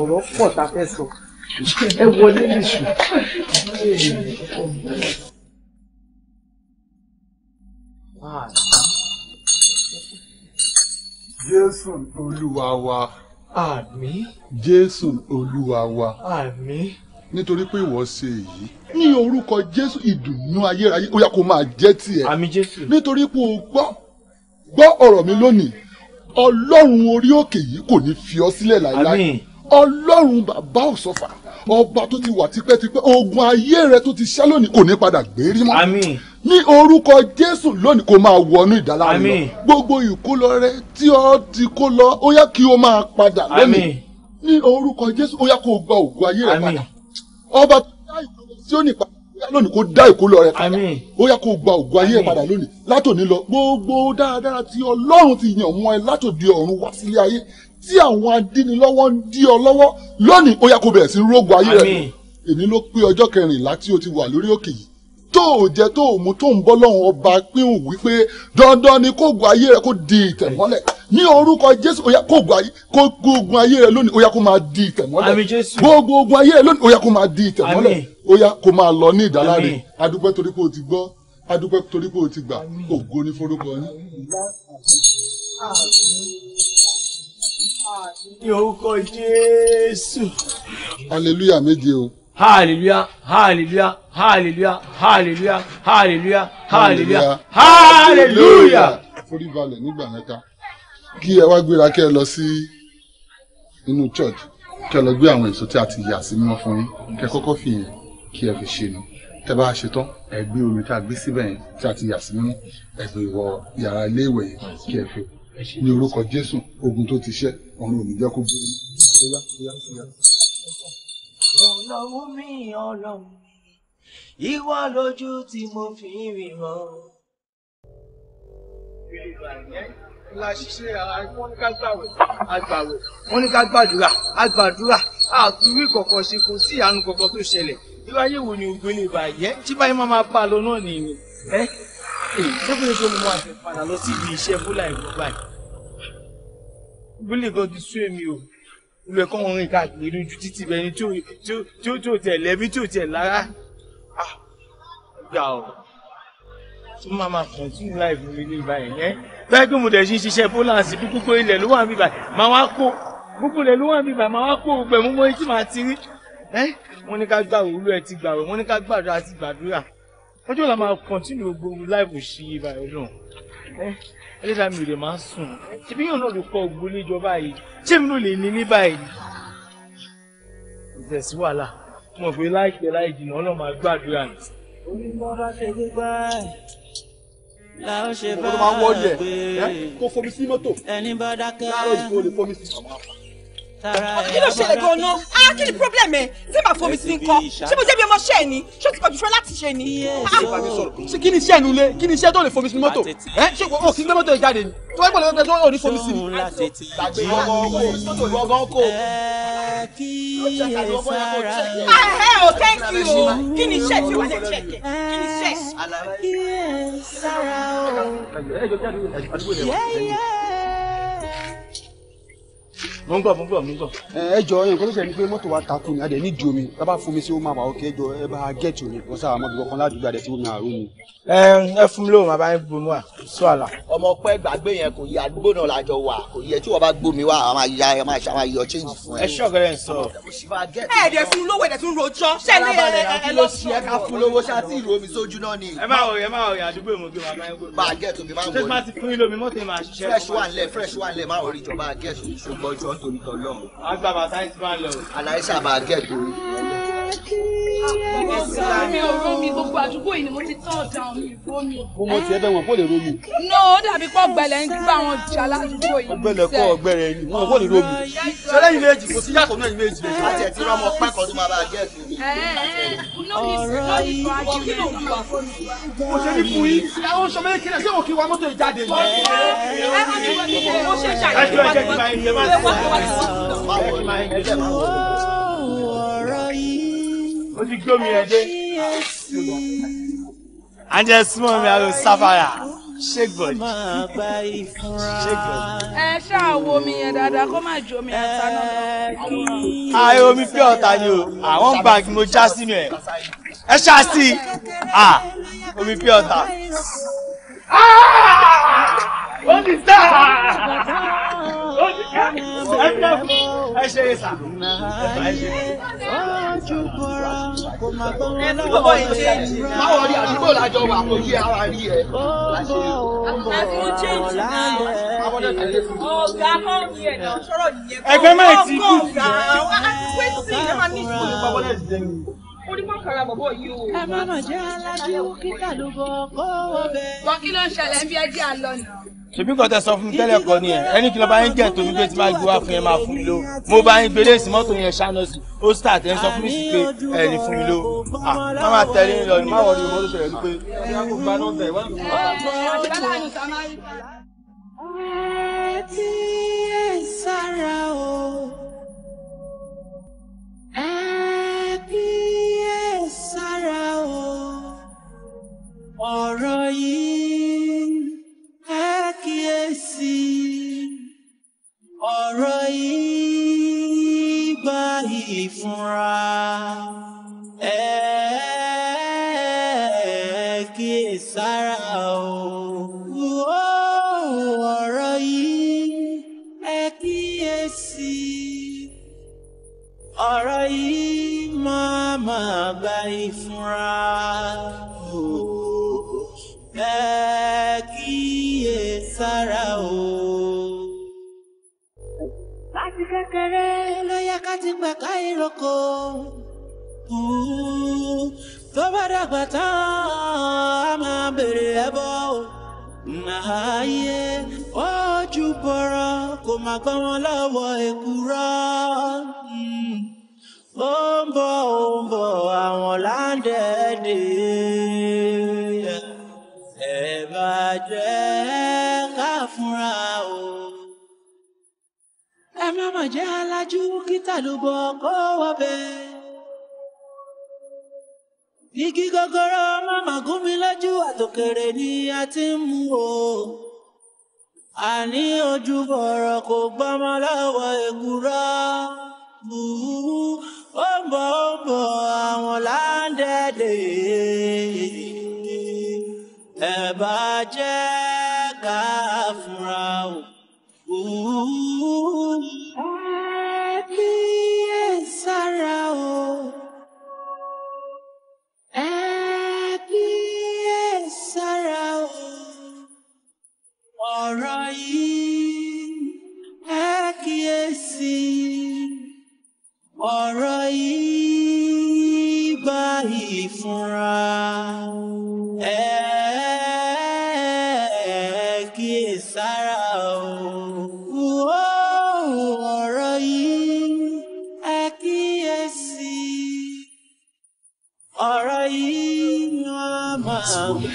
ọ̀rọ̀ pọ̀ tá a fẹ́ sọ ẹ wọlé nìṣó. Jésù Olúwa wa. Àmín. Jésù Olúwa wa. Àmín nítorí pé ìwọ ṣe èyí ní orúkọ jésù ìdùnnú ayérayé ó yá kó máa jẹ́ tiẹ̀ nítorí pé o gbọ́ gbọ́ ọ̀rọ̀ mi lónìí ọlọ́run orí òkè yìí kò ní fi ọ sílẹ̀ láéláé ọlọ́run bàbá òsọfà ọba tó ti wà tipẹ́tipẹ́ ogun ayé rẹ tó ti ṣẹ́ lónìí kò ní padà gbérí mọ́ àmín ní orúkọ jésù lónìí kó máa wọnú ìdáláre lọ gbogbo ìkólọ rẹ tí ọ ti kó lọ ó yá kí o máa padà lónìí ní orúkọ jésù ó yá kó o gba ògùn ayé rẹ padà ọba tó dá ìkọlọ Síónì bóyá lónìí kó dá ìkọlọ rẹ padà bóyá kó gba ògùn ayé ẹ padà lónìí látòní lọ gbogbo dáadáa tí Ọlọ́run ti yàn mọ́ ẹ látòdì ọ̀run wá sílé ayé tí àwọn adínilọ́wọ́ ń dí ọ lọ́wọ́ lónìí ó kó bẹ̀rẹ̀ sí rógun ayé rẹ èmi ló pé ọjọ́ kẹrìnlá tí o ti wà lórí òkè yìí tó ò jẹ tó ò mú tó ń bọ́ lọ́hùn ọba pínhùn wípé dandan ni kó gun ayé rẹ kó di ìtẹ̀mọ́lẹ̀ ní orúkọ Jésù ó yá gun ayé kó gun ayé rẹ lónìí ó yá máa di ìtẹ̀mọ́lẹ̀ gbogbo ogun ayé rẹ lónìí ó yá máa di ìtẹ̀mọ́lẹ̀ ó yá máa lọ ní ìdáláre adúpẹ́ torí pé o ti gbọ́ adúpẹ́ torí pé o ti gbà ògo ní forúkọ yín. ní orúkọ Jésù. hallelujah méje o hallelujah hallelujah hallelujah hallelujah hallelujah hallelujah hallelujah. forí nígbà mẹ́ta kí ẹ wá gbéra kí ẹ lọ sí inú church kí ẹ lọ gbé àwọn èso tí a ti yà sí mímọ́ fún yín kí ẹ kọ́kọ́ fi yẹn kí ẹ fi ṣe nu tẹ bá ṣe tán ẹ gbé omi tá a gbé síbẹ̀ yẹn tí a ti yà sí mímọ́ ẹ gbé wọ yàrá ilé ìwẹ̀ yẹn kí ẹ fi ní orúkọ Jésù ogun tó ti ṣẹ́ ọ̀run ò ní jẹ́ kó gbé yín ọlọ́run mi ọlọ́run mi ìwọ lójú tí mo fi ń ríran. wọ́n ní ká gbàdúrà àgbàdúrà àtúwí kọ̀ọ̀kan ṣe kò sí ìyanu kọ̀ọ̀kan tó ṣẹlẹ̀ irú ayé wo ni ògbé lè bàjẹ́ tí báyìí máa máa bá a lọ náà nìyí ẹ ṣé kò ní ṣe mo máa padà lọ sí ibi iṣẹ́ búlà ìwọ báyìí búlì ti sú èmi o ilé kọ́ wọn káàkiri lójú títì bẹ́ẹ̀ ni tí ó tí ó tiẹ̀ lẹ́bí tí ó tiẹ̀ lára ah gbà ọ́ tí máa máa continue life mi ní ìbáyìí yẹn báyìí pé mo dẹ̀ ṣe ń ṣiṣẹ́ bólànsì bí púpọ̀ ilẹ̀ ló wà ń bíbà máa wá kó púpọ̀ ilẹ̀ ló wà ń bíbà máa wá kó gbẹ̀ mú mọ́ etí máa ti rí wọ́n ní ká gbà òwúrọ̀ ẹ̀ ti gbàwẹ̀ wọ́n ní ká gbàdúrà ti gbàdúrà ọjọ́ la máa continue gbogbo life òṣìyí ìbáyìí náà ẹlẹ́dàá mi rè máa sùn ṣebí yàn náà lè kọ́ ògbó níjọba yìí ṣé mi náà lè ní ní báyìí. ìtẹ̀sí wàhálà mo fi láìpẹ́ láì jìnnà ọlọ́run máa gbàdúrà ni. orí mọ́ra ṣe gbígbá ẹ̀ la ṣe bá a gbé ẹni bá dákẹ́ láàárọ̀ ìfowó lè fomi sí mọ́tò kí ló ṣẹlẹ̀ gan-an ah kí ni problem ẹ̀ ṣé màá fomi sí nǹkan ṣé mo jẹ́ bí ọmọ ṣẹ́ ni ṣé o ti pọ̀jù láti ṣe ni. Ah. ṣé kí ni iṣẹ́ ìlú lé kí ni iṣẹ́ tó lè fomi sí mọ́tò ẹ ṣé o kì í gbé mọ́tò yẹn jáde ni tó bá gbọ́dọ̀ gbẹ́sọ́ ò ní fomi sí ni. gbàgbé ọgọ́ kò ah, thank you o kí ni iṣẹ́ tí wàá lè check ẹ̀ kí ni iṣẹ́. kí ẹ sára o mo ń gbọ́ mo ń gbọ́ mo ń gbọ́. ẹ jọ nǹkan tó ṣe ni pé mọ́tò wa takú ni adẹ nídìí omi bàbá fún mi sí ó máa wà ókè jọ ẹ bá gẹ̀ẹ́tì omi kò sáà mọ́ bíbọ̀ kan ládùúgbò adẹ tí ó máa mi. ẹ ẹ fún mi lóhùn bàbá yín bomi wa sọ àlà. ọmọ pẹ́ gbàgbé yẹn kò yẹ àdúgbò náà lájọ wà kò yẹ tí wọ́n bá gbómi wá a ya a máa yọ change fún ẹ. ẹ ṣọ́ọ̀gẹ́rẹ́ ń sọ. ẹ̀ẹ́dẹ̀ fún lówó ẹ̀ẹ́dẹ̀ tún rojọ́. sẹ́ni ẹ ẹ ká jọ torí tọ lọ. a gba bàtà ìsúná lọ. aláìsàn máa gẹ̀ mo ti tán ọ̀dà mi rómi. mo mọ tiẹ̀ bẹ́ẹ̀ wọ́n lè rómi. no ó dàbí pọ̀ gbẹlẹ̀ ń gbà wọn jà ládùúgbò yìí. ọgbẹlẹ kọ ọgbẹrẹ ni wọn kò lè rómi. sẹlẹyìn méjì kò sí yàtọ̀ náà méjì lè ṣe àti ẹtí ọmọ pẹkọọ tó máa bá a jẹ ẹsùn. yìí ó just gbó mi ẹ dé. àjẹ súnmọ́ mi àrò sáfàrà ṣégbọ̀dì ṣégbọ̀dì. wo mi yẹn dáadáa kó má jó mi àtàná lọ. ayé omi pé ọ̀tá ni o àwọn báàgì mo já sínú ẹ̀ ẹ ṣáà sí i ah, omi pé ọ̀tá ó ti sá ó ti ká ẹ fi ẹ ṣe é sá ẹ ṣe é sá. ẹ ti bọ́bọ̀ yìí ṣéèjì. báwo ni àdúgbò làjọ wà kò yé ara rí ẹ. ẹ ti mú ṣéèjì náà. ọ̀gá kọ́ mi ẹ̀ náà sọ̀rọ̀ nìyẹn. ẹgbẹ́ máa ti dùn. ọ̀gá wá sí ẹ máa ní ìṣòro pàbọ́lẹ̀ dẹ́nu orí mọ́kànlá bọ̀bọ̀ yìí o. ẹ má mà jẹ́ alájú kíkà ló bọ̀ kó o bẹ̀. bọ́ kí ló ń ṣẹlẹ̀ ń bí ẹjẹ́ àlọ́ nà. ṣèbí kan tẹ sọ fún mi tẹ́lẹ̀ kọ́ ni ẹ̀ ẹni kí ló bá ń jẹ́ tóbi pé tí máa gbé wá fún yẹn máa fún mi ló mo bá ń gbélé sí mọ́tò yẹn ṣáná sí ó sì tàtẹ́ ń sọ fún mi sí pé ẹ̀ ní fún mi ló má má tẹ̀lé lọ ní má wọlé mọ́tò tẹ̀lé pé ẹ ẹ sára o. happy lára o ọ̀rọ̀ yìí á kíyèsí ọ̀rọ̀ yìí gba ìfúnra ẹ̀. dàgbà tán a máa bèrè ẹbọ ààyè ojú bọ̀rọ̀ kò má gbọ́n wọn lọ́wọ́ èkúrọ́ ó ń bọ̀ ó ń bọ̀ àwọn ẹ má má jẹ́ alájú kíta ló bọ̀ kó wọ́n bẹ́ẹ̀ igi gọgọrọ mama gún mi lójú àtòkèrè ni a ti ń mú o àní ojú bọ̀rọ̀ kò gbọ́mọ lọ́wọ́ èkúrọ́ bùú ó ń bọ̀ ó ń bọ̀ àwọn láńdẹ̀dẹ̀ ẹ̀ bá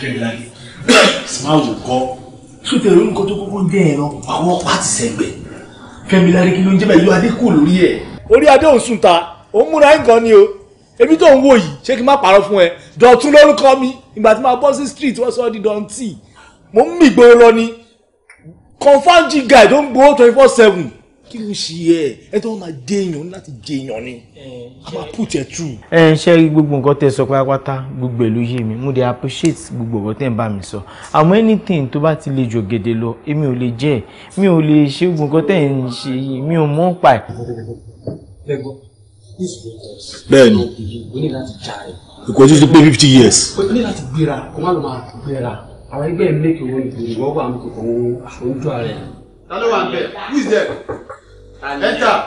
fẹ́rẹ̀ láyé sì máa wò kọ́ sótẹ̀ lórí nǹkan tó kókó jẹ́ ẹ̀rọ àwọn pàtì sẹ́gbẹ̀ Fẹ́mi Lárí kí ló ń jẹ́ báyìí adé kò lórí ẹ̀. orí adé òun sùn ta òun múra nǹkan ni o èmi tó ń wò yìí ṣé kí n má parọ́ fún ẹ dọ̀tún lórúkọ mi ìgbà tí màá bọ́ sí street wọ́n sọ di dọ̀ntì mo ń mìgbòho lọ ni confam g guy tó ń gbowó twenty four seven kí ló ṣe ẹ ẹ tó máa dé èèyàn láti dé èèyàn ni a máa put ẹ through. ẹ ń ṣe gbogbo nǹkan tẹ́ sọ pátápátá gbogbo ìlú yé mi mo dey appreciate gbogbo ọ̀rọ̀ tẹ́ ń bá mi sọ àmọ́ anything tó bá ti lè jò gèdè lọ èmi ò lè jẹ́ mi ò lè ṣe gbogbo nǹkan tẹ́ ń ṣe yìí mi ò mọ̀ ń pa ẹ̀. bẹ́ẹ̀ni kò tún ti pé fifty years. o ní láti gbéra kó má lọ máa gbéra àwọn ẹgbẹ́ mi lè wọ́n ìgbòho wọ́n wà mí kò kàn wọ́n ló wà ń bẹ̀? Who is there? enter.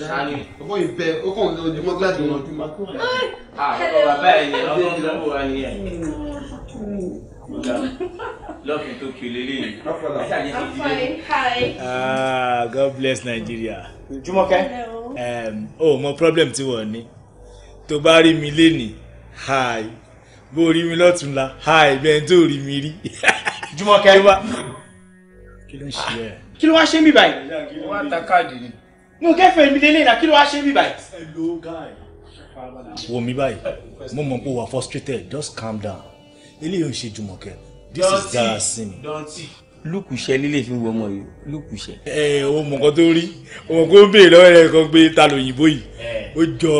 sani ọkọ yìí bẹ ọkọ òun ló gbàdúrà ní ọdún máa. bàbá ẹ yẹn ọdún ọdún lọ́wọ́ wa nìyẹn. lọ́ọ̀kì tó pè lélẹ̀ yìí. Ah, God bless Nigeria. Jùmọ̀kẹ́. o mọ problem tí wọ́n ní tó bá rí mi lénìí hi bó rí mi lọ́tùnla hi bẹ́ẹ̀ tó rí mi rí. Jùmọ̀kẹ́. kí ló ń ṣe ẹ́ kí ló wá ṣe mí báyìí. wọ́n á ta káàdì ni. mo kẹ́fẹ̀ẹ́ mi lélẹ́yìn náà kí ló wá ṣe mí báyìí. wò mí báyìí mo mọ̀ pé o wà frustrated just calm down eléyìí ò ń ṣe jùmọ̀kẹ́ this is Darasimi. lùkùṣẹ́ lílé fi wọ ọmọ yìí lùkùṣẹ́. ẹ o mọ̀ nǹkan tó rí o mọ̀ kó béèrè lọ́wọ́ rẹ̀ kan pé ta lòyìnbó yìí ó jọ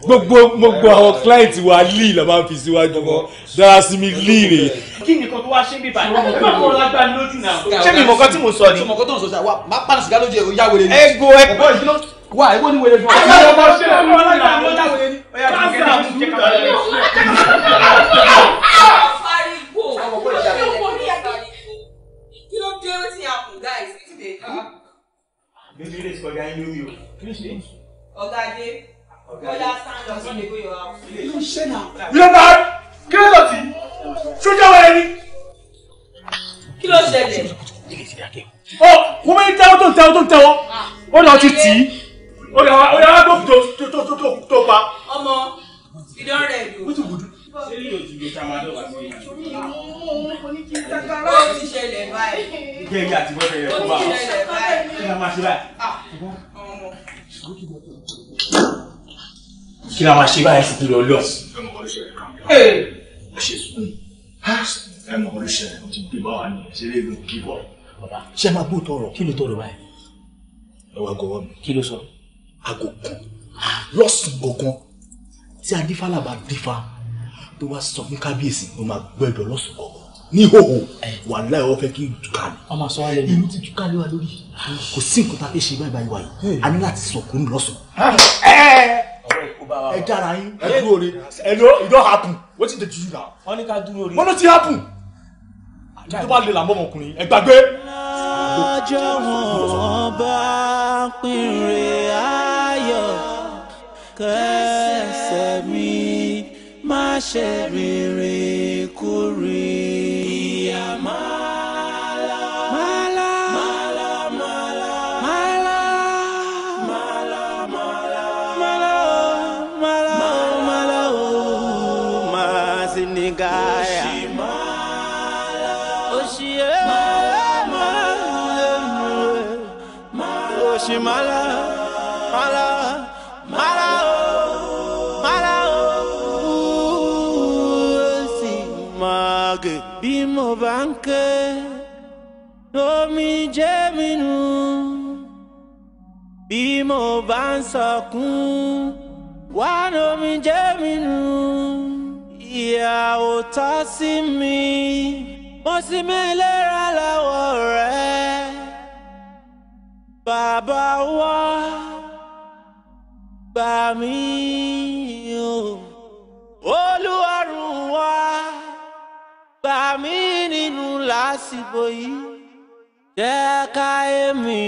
gbogbo gbogbo àwọn client wa lee la máa ń fi síwájú wọn dára sí mi lee rè. kí ni nǹkan tó wá ṣe ń bí bàtà ẹ máa kọ́ lágbá lójú náà. ṣé mi mọ̀kọ́ tí mo sọ ni. mọ̀kọ́ tó ń sọ sí àwa máa pàdé sìgá lójú ẹ̀ o yá wèrè ni. ego ẹgbọ́ ìdílọ́ wa ego ni wèrè fún ọ. àwọn ọmọ ṣe é wọn lágbá lọ́jà wèrè ni. ọ̀yà kò kẹ́kẹ́ ní ìjẹ́ká wọlé. kí ló dé ó ti àpò guys kí ló dé. bébí rẹ̀ sọ̀rọ̀ Yọba kí ló lọ sí? Sójà wẹ̀rẹ̀ ni. Kí ló ṣẹlẹ̀? Ọ kò kí la máa ṣe báyìí fún kúrò ọlọ́. ẹ mọ̀ ọlọ́ṣẹ́ rẹ̀ kàn án. ẹ ṣe sùn. ẹ mọ̀ ọlọ́ṣẹ́ rẹ̀ ti gbé bá wa ní ṣe lè lo kí bọ̀. bàbá ṣé máa bó tọrọ kí ló tọrọ báyìí. ẹ wá gọwọ mi. kí ló sọ. aago kan lọ́sàn-án gangan tí adífálà bá dífá tó wá sọ fún kábíyèsí ló máa gbọ́ ẹ̀bẹ̀ lọ́sàn-án gangan ní ìhòòhò wà láì wọ́n fẹ́ kí n jùkà ní. ọmọ sọ ah. a fẹ́ ṣe báyìí báyìí wáyé. a ẹ dára yín ẹ dúró re ẹ lọ it don happen wetin dey do wọ́n ní ká dúró re. wọ́n ti happen. tó bá lè làmọ́ ọmọkùnrin ẹ gbàgbé. lọ́jọ́ wọn bá pinre ayọ̀ kẹsẹ̀ mi má ṣe rìnrìn kúrin. mala, mala, mala, oh, mala, oh, si mage bí mo bá ń mi nù bí mo bá ń sọkún wá mi nù ìyà ò tọ́ mi mo sì mẹ́lẹ́ra lọ́wọ́ rẹ̀ bàbá wa gbà mí o olúwarùn wa gbà mí nínú làásìgbò yìí jẹ́ káyé mi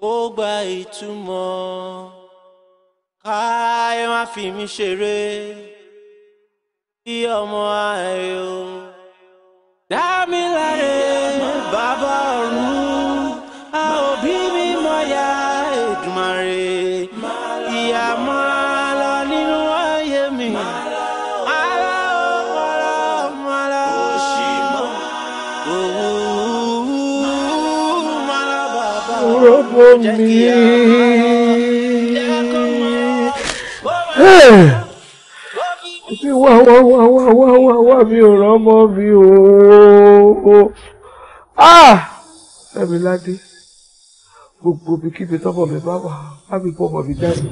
kó gba ìtumọ̀ káyé má fi mí ṣeré bí ọmọ ayò dá mi láre bàbá ọ̀run. ìyá máa lọ nínú ayé mi. Robo mi. Ṣé wá wá wá wá wá wá wá mi ò rọ́mọ mi o. Ah! Fẹ́mi Ládé, gbogbo ibikíbi tọ́mọ mi bá wà, bá mi bọ́ ọmọ mi jáde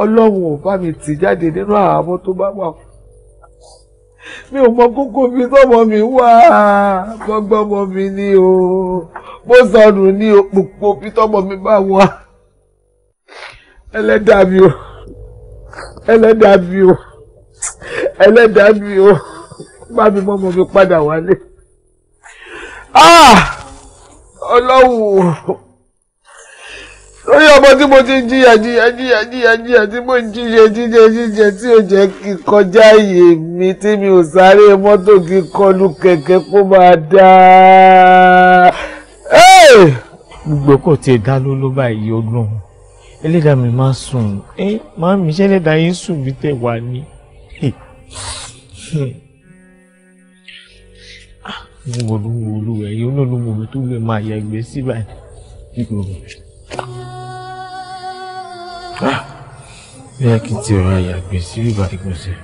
ọlọ́run ò bá mi tì jáde nínú àhámọ́ tó bá wà fún mi ò mọ kókó bí tọmọ mi wà gbọgbọmọ mi ni o bó sọnù ní òpòpò bí tọmọ mi bá wà ẹlẹ́dàá mi o ẹlẹ́dàá mi o ẹlẹ́dàá mi o bá mi mọ́ ọmọ mi padà wálé ah! ọlọ́run lórí ọmọ tí mo ti ń jìyà jìyà jìyà jìyà jìyà tí mo ń jíjẹ jíjẹ jíjẹ tí ò jẹ́ kí kọjá ààyè mi tí mi ò sáré mọ́tò kí kọlu kẹ̀kẹ́ kó máa dáa. gbogbo kò tiẹ̀ dá ló ló báyìí ọdún ẹlẹ́dàá mi máa sùn ẹ máa mi ṣe ẹlẹ́dàá yín sùn mí tẹ̀ wá ní. mo wọlé wọlé ẹ̀yin olólùmọ̀ mi tó lè máa yẹ ẹgbẹ́ síbẹ̀. bí a kì í ti ọ̀rọ̀ àyàgbé sí bíbá ìgbọ̀nsẹ̀.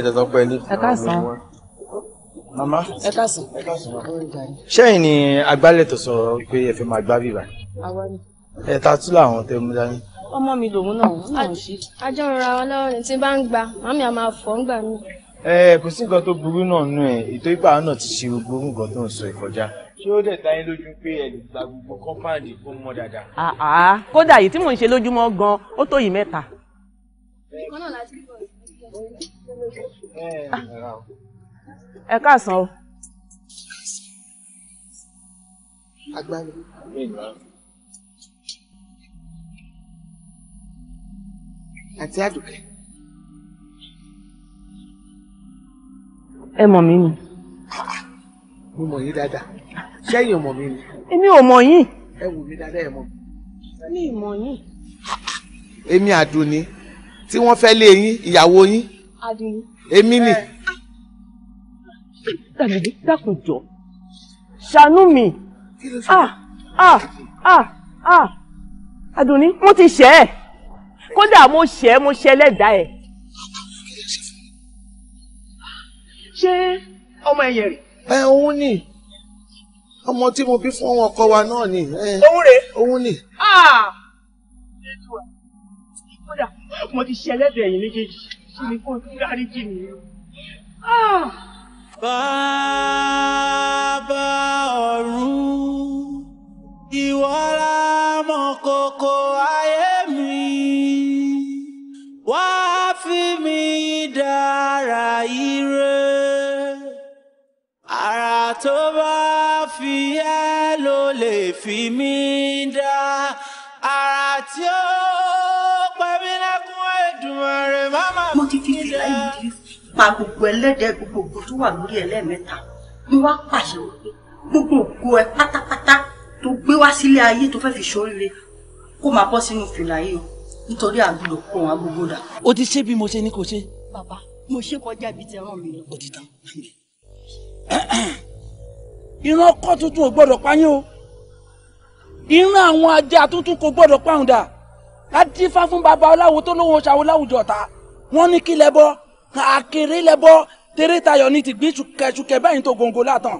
ẹ̀jẹ̀ sọ pẹ̀lú. ẹ káàsán. mama ẹ káàsán. ẹ káàsán. ṣẹ́yìn ni agbálẹ̀ tó sọ̀rọ̀ pé ẹ fẹ́ máa gbá bíbá. àwa ni. ẹ ta tú làwọn tẹ mú dání. ọmọ mi lòun náà ń náà ṣe. ajọ́ ń ra wọn lọ́wọ́ ni tí bá ń gba màmí àmà fọ́ ń gbà mí. ẹ kò sí nǹkan tó burú náà nù ẹ ètò ìpà náà ti ṣe gbogbo nǹkan tó ń sọ ìkọjá ṣé ó dẹ̀ ta yín lójú pé ẹ lè gba gbogbo kọ́mpáàdì fún mọ́ dáadáa. àá kódà yìí tí mò ń ṣe lójúmọ́ gan ó tó yìí mẹ́ta ẹ káàsán o. agbára. àti àdùkẹ́. ẹ mọ̀ mí ni. mo mọ̀ yín dáadáa ṣẹ́yìn ò mọ̀ mí ni. èmi ò mọ̀ yín. ẹ wò mí dáadáa ẹ mọ̀ mí. mi ì mọ̀ yín. èmi àdùnní tí wọ́n fẹ́ lé yín ìyàwó yín. àdùnní èmi ni. dàbídí dákun jọ ṣàánú mi ah ah ah ah Adùnní mo ti ṣẹ̀ ẹ́ kódà mo ṣẹ̀ ẹ́ mo ṣẹ̀ ẹlẹ́dàá ẹ̀. ṣé ọmọ ẹ̀yẹ̀ rẹ̀. ẹ òun ni ọmọ tí mo bí fún àwọn ọkọ wa náà ni. òun rè òun ni. Ah! kódà mo ti ṣẹ̀ ẹlẹ́dàá ẹ̀yìn méjèèjì dáríjì mi kó tún dáríjì mi. bàbá ọ̀run ìwọ la mọ kókó ayé mi wá fi láìdí pa gbogbo ẹlẹ́dẹ̀ gbogbo ògùn tó wà lórí ẹlẹ́mẹ́ta ń wá pàṣẹ wípé gbogbo ògo ẹ pátápátá tó gbé wá sílé ayé tó fẹ́ fi ṣoríire kó máa bọ́ sínú fìlà yìí o nítorí àgùlò kan agbogbo dà. o ti ṣe bí mo ṣe ní kò ṣe. bàbá mo ṣe kọjá ibi tí ẹ rán mi lọ. o ti tán. ìran ọkọ tuntun ò gbọ́dọ̀ pa o ìran àwọn ajá tuntun kò gbọ́dọ̀ pa dà láti fá fún bàbá ọláwo tó lóun ṣàwọn láwùjọ ta wọ́n ní kí lẹ́bọ́ àkèrè lẹ́bọ́ tèrè tayọ̀ ní ti gbé ṣùkẹ́ṣùkẹ́ bẹ́yìn tó gòǹgò látàn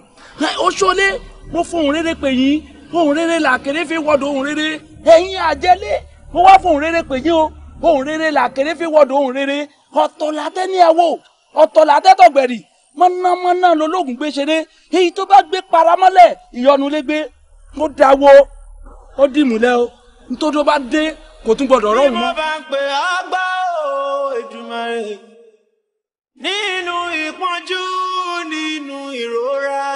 Òṣòlé mo fohùn rere pè yín ohùn rere làkèrè fi wọ́dọ̀ ohùn rere ẹ̀yin àjẹlé mo wá fohùn rere pè yín o ohùn rere làkèrè fi wọ́dọ̀ ohùn rere ọ̀tọ̀ làtẹ́ ní ẹ̀wọ̀ ọ̀tọ̀ làtẹ́ tọ̀gbẹ̀rì mọ̀nàmọ́ná lológun gbé ṣeré èyí tó bá gbé paramọ́lẹ̀ ìyọnu lé gbé ó dáwọ́ ó dìmúlẹ̀ o nítorí ó bá dé kò tún gbọdọ̀ rọrùn mọ́. bí mo bá ń pè àgbà o Èdùmàrè nínú ìpọ́njú nínú ìrora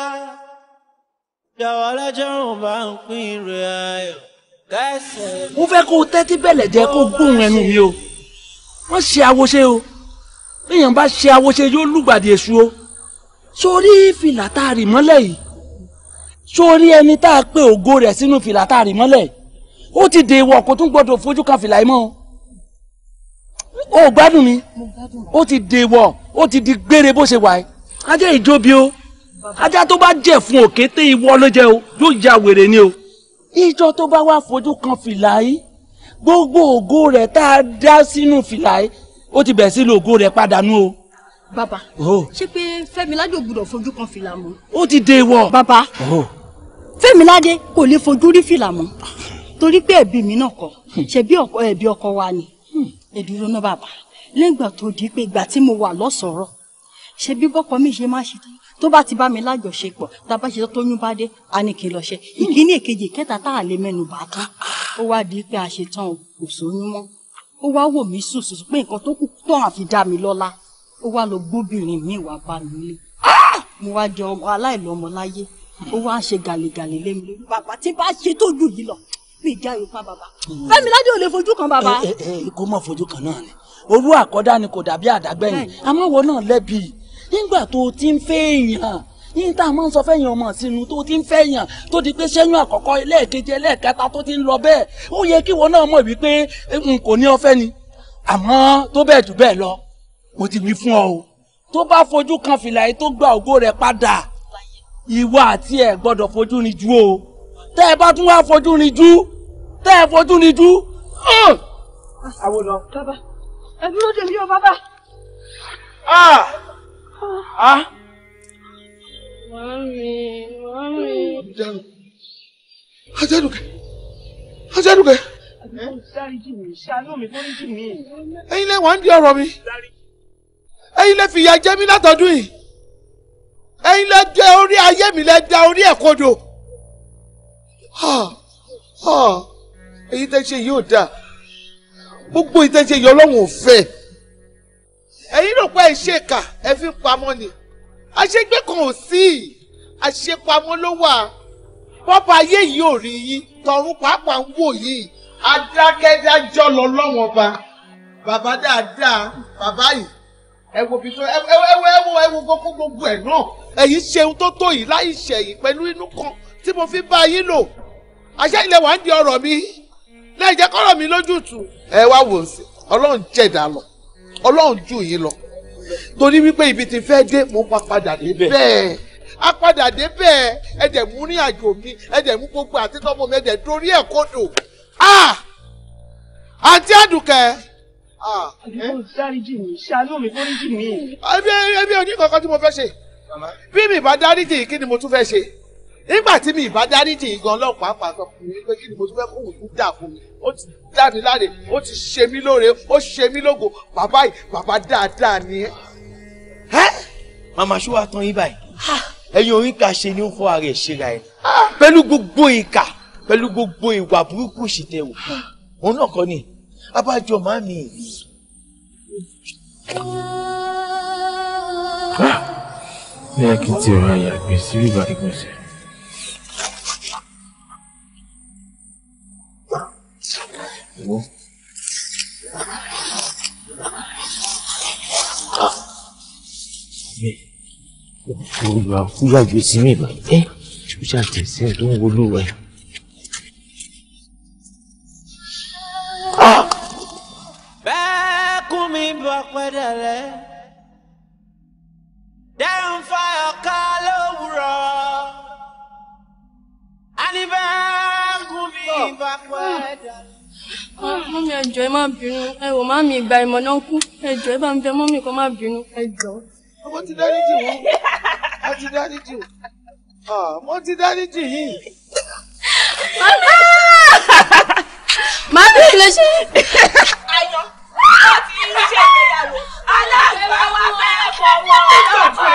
dáwàlájọ́ òun bá ń pín rẹ̀ ayọ̀ kẹsẹ̀. mo fẹ́ kó o tẹ́tí bẹ̀lẹ̀ jẹ́ kó o gbóhùn ẹnu mi o wọ́n ṣe àwòṣe o èèyàn bá ṣe àwòṣe yóò lùgbàdì èṣù o sórí fìlà tá a rì mọ́lẹ̀ yìí sórí ẹni tá a pè ògo rẹ̀ sínú fìlà tá a rì mọ́lẹ̀ yìí ó ti dè ìwọ kò tún gbọ́dọ̀ fojú kàfìlà ẹ mọ́ o ò gbádùn mi ó ti dè ìwọ ó ti di gbére bó ṣe wà ẹ ajá ìjóbi o ajá tó bá jẹ fún òkété ìwọ ló jẹ o yóò ya wèrè ni o ìjọ tó bá wá fojú kan fìlà yìí gbogbo ògo rẹ̀ tá a dá sínú fìlà yìí ó ti bẹ̀ sí lo ògo rẹ̀ padà nu? o. bàbá ṣé pé Fẹ́miládé ò gbọ́dọ̀ fojú kan fìlà mọ́. ó ti dé wọ. bàbá Fẹ́miládé kò lè fojú rí fìlà mọ́ torí pé ẹbí mi náà hmm. kọ ṣebí ẹbí ọkọ wa ni hmm. ẹdúró náà bàbá lẹ́gbà tó di pé ìgbà tí mo wà lọ́sọ̀rọ̀ ṣebí bọ́kọ mi ṣe má ṣe tán tó bá ti bá mi lájọṣepọ̀ tá a bá ṣe tó tóyún bá dé a ní kí n lọ ṣe hmm. ìkíní èkejì kẹta tá a lè mẹ́nu bá ká ó wá di pé a ṣe tán kò sóyún mọ́ ó wá wò mí sùn sùn pé nǹkan tó kù tó hàn fi dá mi lọ́lá ó wá lọ gbóbìnrin mi wá bá mi lé ah! mo wá jọ ọmọ aláìlọ́mọ láyé ó wá ṣe gàlégàlé lé mi lórí bàbá tí bá ṣe tó jù yìí lọ mi já yorùbá bàbá mm. fẹ́mi ládé ò lè fojú kan bàbá. ẹ eh, ẹ eh, eh, kó mọ fojú kan náà ni owó àkọ́dá ni kò dàbí àdágbẹ́yìn amáwọ̀ náà lẹ́bi nígbà tó o ti ń fẹ́ èèyàn yín tá a máa ń sọ fẹ́yìn ọmọ sínú tó ti ń fẹ́yàn tó di pé sẹ́yìn àkọ́kọ́ ẹlẹ́ẹ̀kejì ẹlẹ́ẹ̀kẹta tó ti ń lọ bẹ́ẹ̀ ó yẹ kí wọn náà mọ̀ wípé n kò ní ọfẹ́ ni àmọ́ tó bẹ́ẹ̀ jù bẹ́ẹ̀ lọ mo ti wí fún ọ o tó bá fojú kan fìlà yìí tó gba ògo rẹ̀ padà ìwọ àti ẹ̀ gbọ́dọ̀ fojú rin jú o tẹ́ ẹ bá tún wá fojú rin jú tẹ́ ẹ fojú ni jú. àwo lọ. bàbá ẹ dúró dè mí o bàbá. mọ́mí mọ́mí. ajẹ́dùkẹ́ ajẹ́dùkẹ́. ẹ̀yin lẹ wà ń di ọ̀rọ̀ mi ẹ̀yin lẹ fìyà jẹ mí látọdún yìí ẹ̀yin lẹ dẹ orí ayé mi lẹ dẹ orí ẹ kodò. Ah, ah èyí tẹ́ ṣe yóò dáa gbogbo èyí tẹ́ ṣe yọ ọlọ́run ò fẹ́ ẹ̀yin rò pé ẹ ṣe kà ẹ fi pamọ́ ni àṣegbé kan ò sí àṣepamọ́ ló wà bọ́ba ayé yìí ò rí yín tọ̀run pàápàá ń wò yìí adákẹ́dájọ́ lọ lọ́wọ́n ba bàbá dáadáa bàbá yìí ẹ wo bí tó ẹ wo ẹ wo ẹ wo ẹ wo gbogbo gbogbo ẹ náà. ẹ̀yin ṣeun tó tó yìí láì ṣẹ̀yìn pẹ̀lú inú kan tí mo fi bá yín lò àṣẹ ilẹ̀ wà ń di ọ̀rọ̀ mi láì jẹ́ kọ́rọ̀ mi lójútùú. ẹ wá wò ó sí ọlọ́run jẹ̀dá lọ ọlọ́run jù yín lọ torí wípé ibi tí fẹ́ dé mo pa padà dé bẹ́ẹ̀ a padà dé bẹ́ẹ̀ ẹ dẹ̀ mú ní àjò mi ẹ dẹ̀ mú gbogbo àti tọ́mọ mi ẹ dẹ̀ dorí ẹ̀ kodò àǹtí àdùkẹ́. àdùkẹ́ dáríjì mi ṣàánú mi dáríjì mi. ẹbí ẹbí oníkankan tí mo fẹ́ ṣe bí mi bá dáríjì kí ni mo tún fẹ́ ṣe nígbà tí mi ìbá dáríjì ìgan ọlọ́pàá pàtó fún mi pé kí ni mo ti fẹ́ kó òun dà fún mi ó ti dá mi láre ó ti ṣe mí lóore ó ṣe mí lógo bàbá yìí bàbá dáadáa ni ẹ. màmá ṣó wàá tán yín báyìí ẹ̀yin orin kà ṣe ni ó fọ ara ẹ̀ ṣera ẹ̀ pẹ̀lú gbogbo ìkà pẹ̀lú gbogbo ìwà burúkú ṣìtẹ̀wò òun náà kọ́ ni abájọ máa mi rí. bẹ́ẹ̀ kí n ti rọra ìgbọ̀nsẹ̀. wo. olùwà fúyàgbé eh, sí mi báyìí ẹ ṣùgbọ́n àtẹ̀sẹ̀ tó ń wolú wa yìí. màmá mi ìgbà ìmọ̀nà kú ẹjọ́ ẹ bá ń bẹ mọ́ mi kó má bínú ẹjọ́. mo ti dáríjì wọn a ti dáríjì mo ti dáríjì yìí. mami mami kí ló ṣe. ayọ̀ láti inú ṣe ìgbéyàwó aláàbáwá bẹ́ẹ̀ fọwọ́ ọ̀pọ̀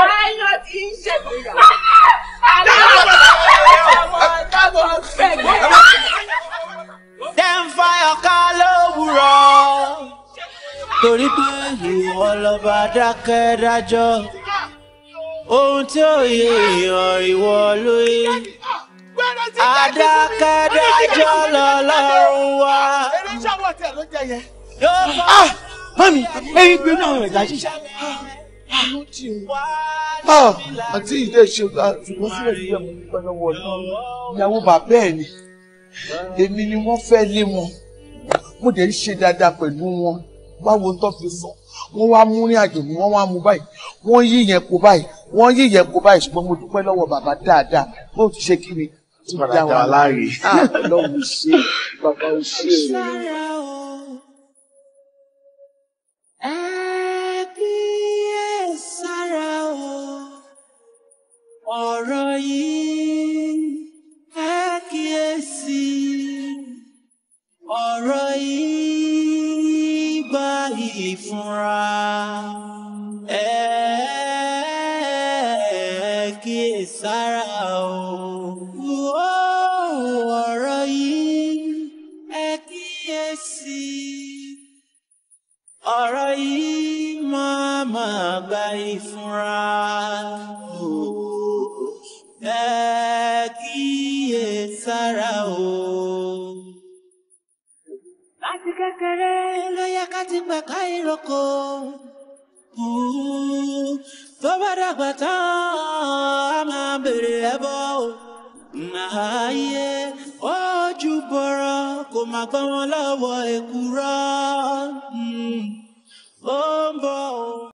ọ̀pọ̀ ayọ̀ ti ń ṣègbéyàwó aláàbáwá bẹ́ẹ̀ fọwọ́ ọ̀pọ̀ ọ̀pọ̀. Dem fire fàyọ̀ ká lówùrọ̀ torí pé ìwọ lọ́ba dákẹ́ dájọ́ ohun tí ó yẹ èèyàn ìwọ ló yẹ adákẹ́ dájọ́ lọ́lọ́run wá. ah mami ẹyin gbé náà rẹ̀ dájú. Ah, àti ìdẹ́ ṣe ṣùgbọ́n sílẹ̀ nílẹ̀ mo ní pẹ́ lọ́wọ́ náà ìyàwó bàbá ẹ̀ ni èmi ni wọ́n fẹ́ lé wọn mo dẹ̀ ń ṣe dáadáa pẹ̀lú wọn báwo tó fi sọ wọ́n wá mú ní àjò wọ́n wá mú báyìí wọ́n yí yẹn kó báyìí wọ́n yí yẹn kó báyìí ṣùgbọ́n mo dúpẹ́ lọ́wọ́ bàbá dáadáa bó ti ṣe kí ni tó dá wa láre ah, lọ́wọ́ ṣe bàbá ò ṣe rẹ̀. ọ̀rọ̀ yìí. ọ̀rọ̀ yìí gba ìfúnra ẹ kíyè sára o. ọ̀rọ̀ yìí ẹ kíyè sí i. ọ̀rọ̀ yìí máa máa gba ìfúnra o. ẹ sára o. kẹrẹ ló yẹ ká ti pẹ̀ka ìrókò tó bá dàgbà tán a máa bèrè ẹbọ ààyè ojú bọ̀rọ̀ kò má gbọ́n wọn lọ́wọ́ èkúrọ́ hmm, ó ń bọ̀.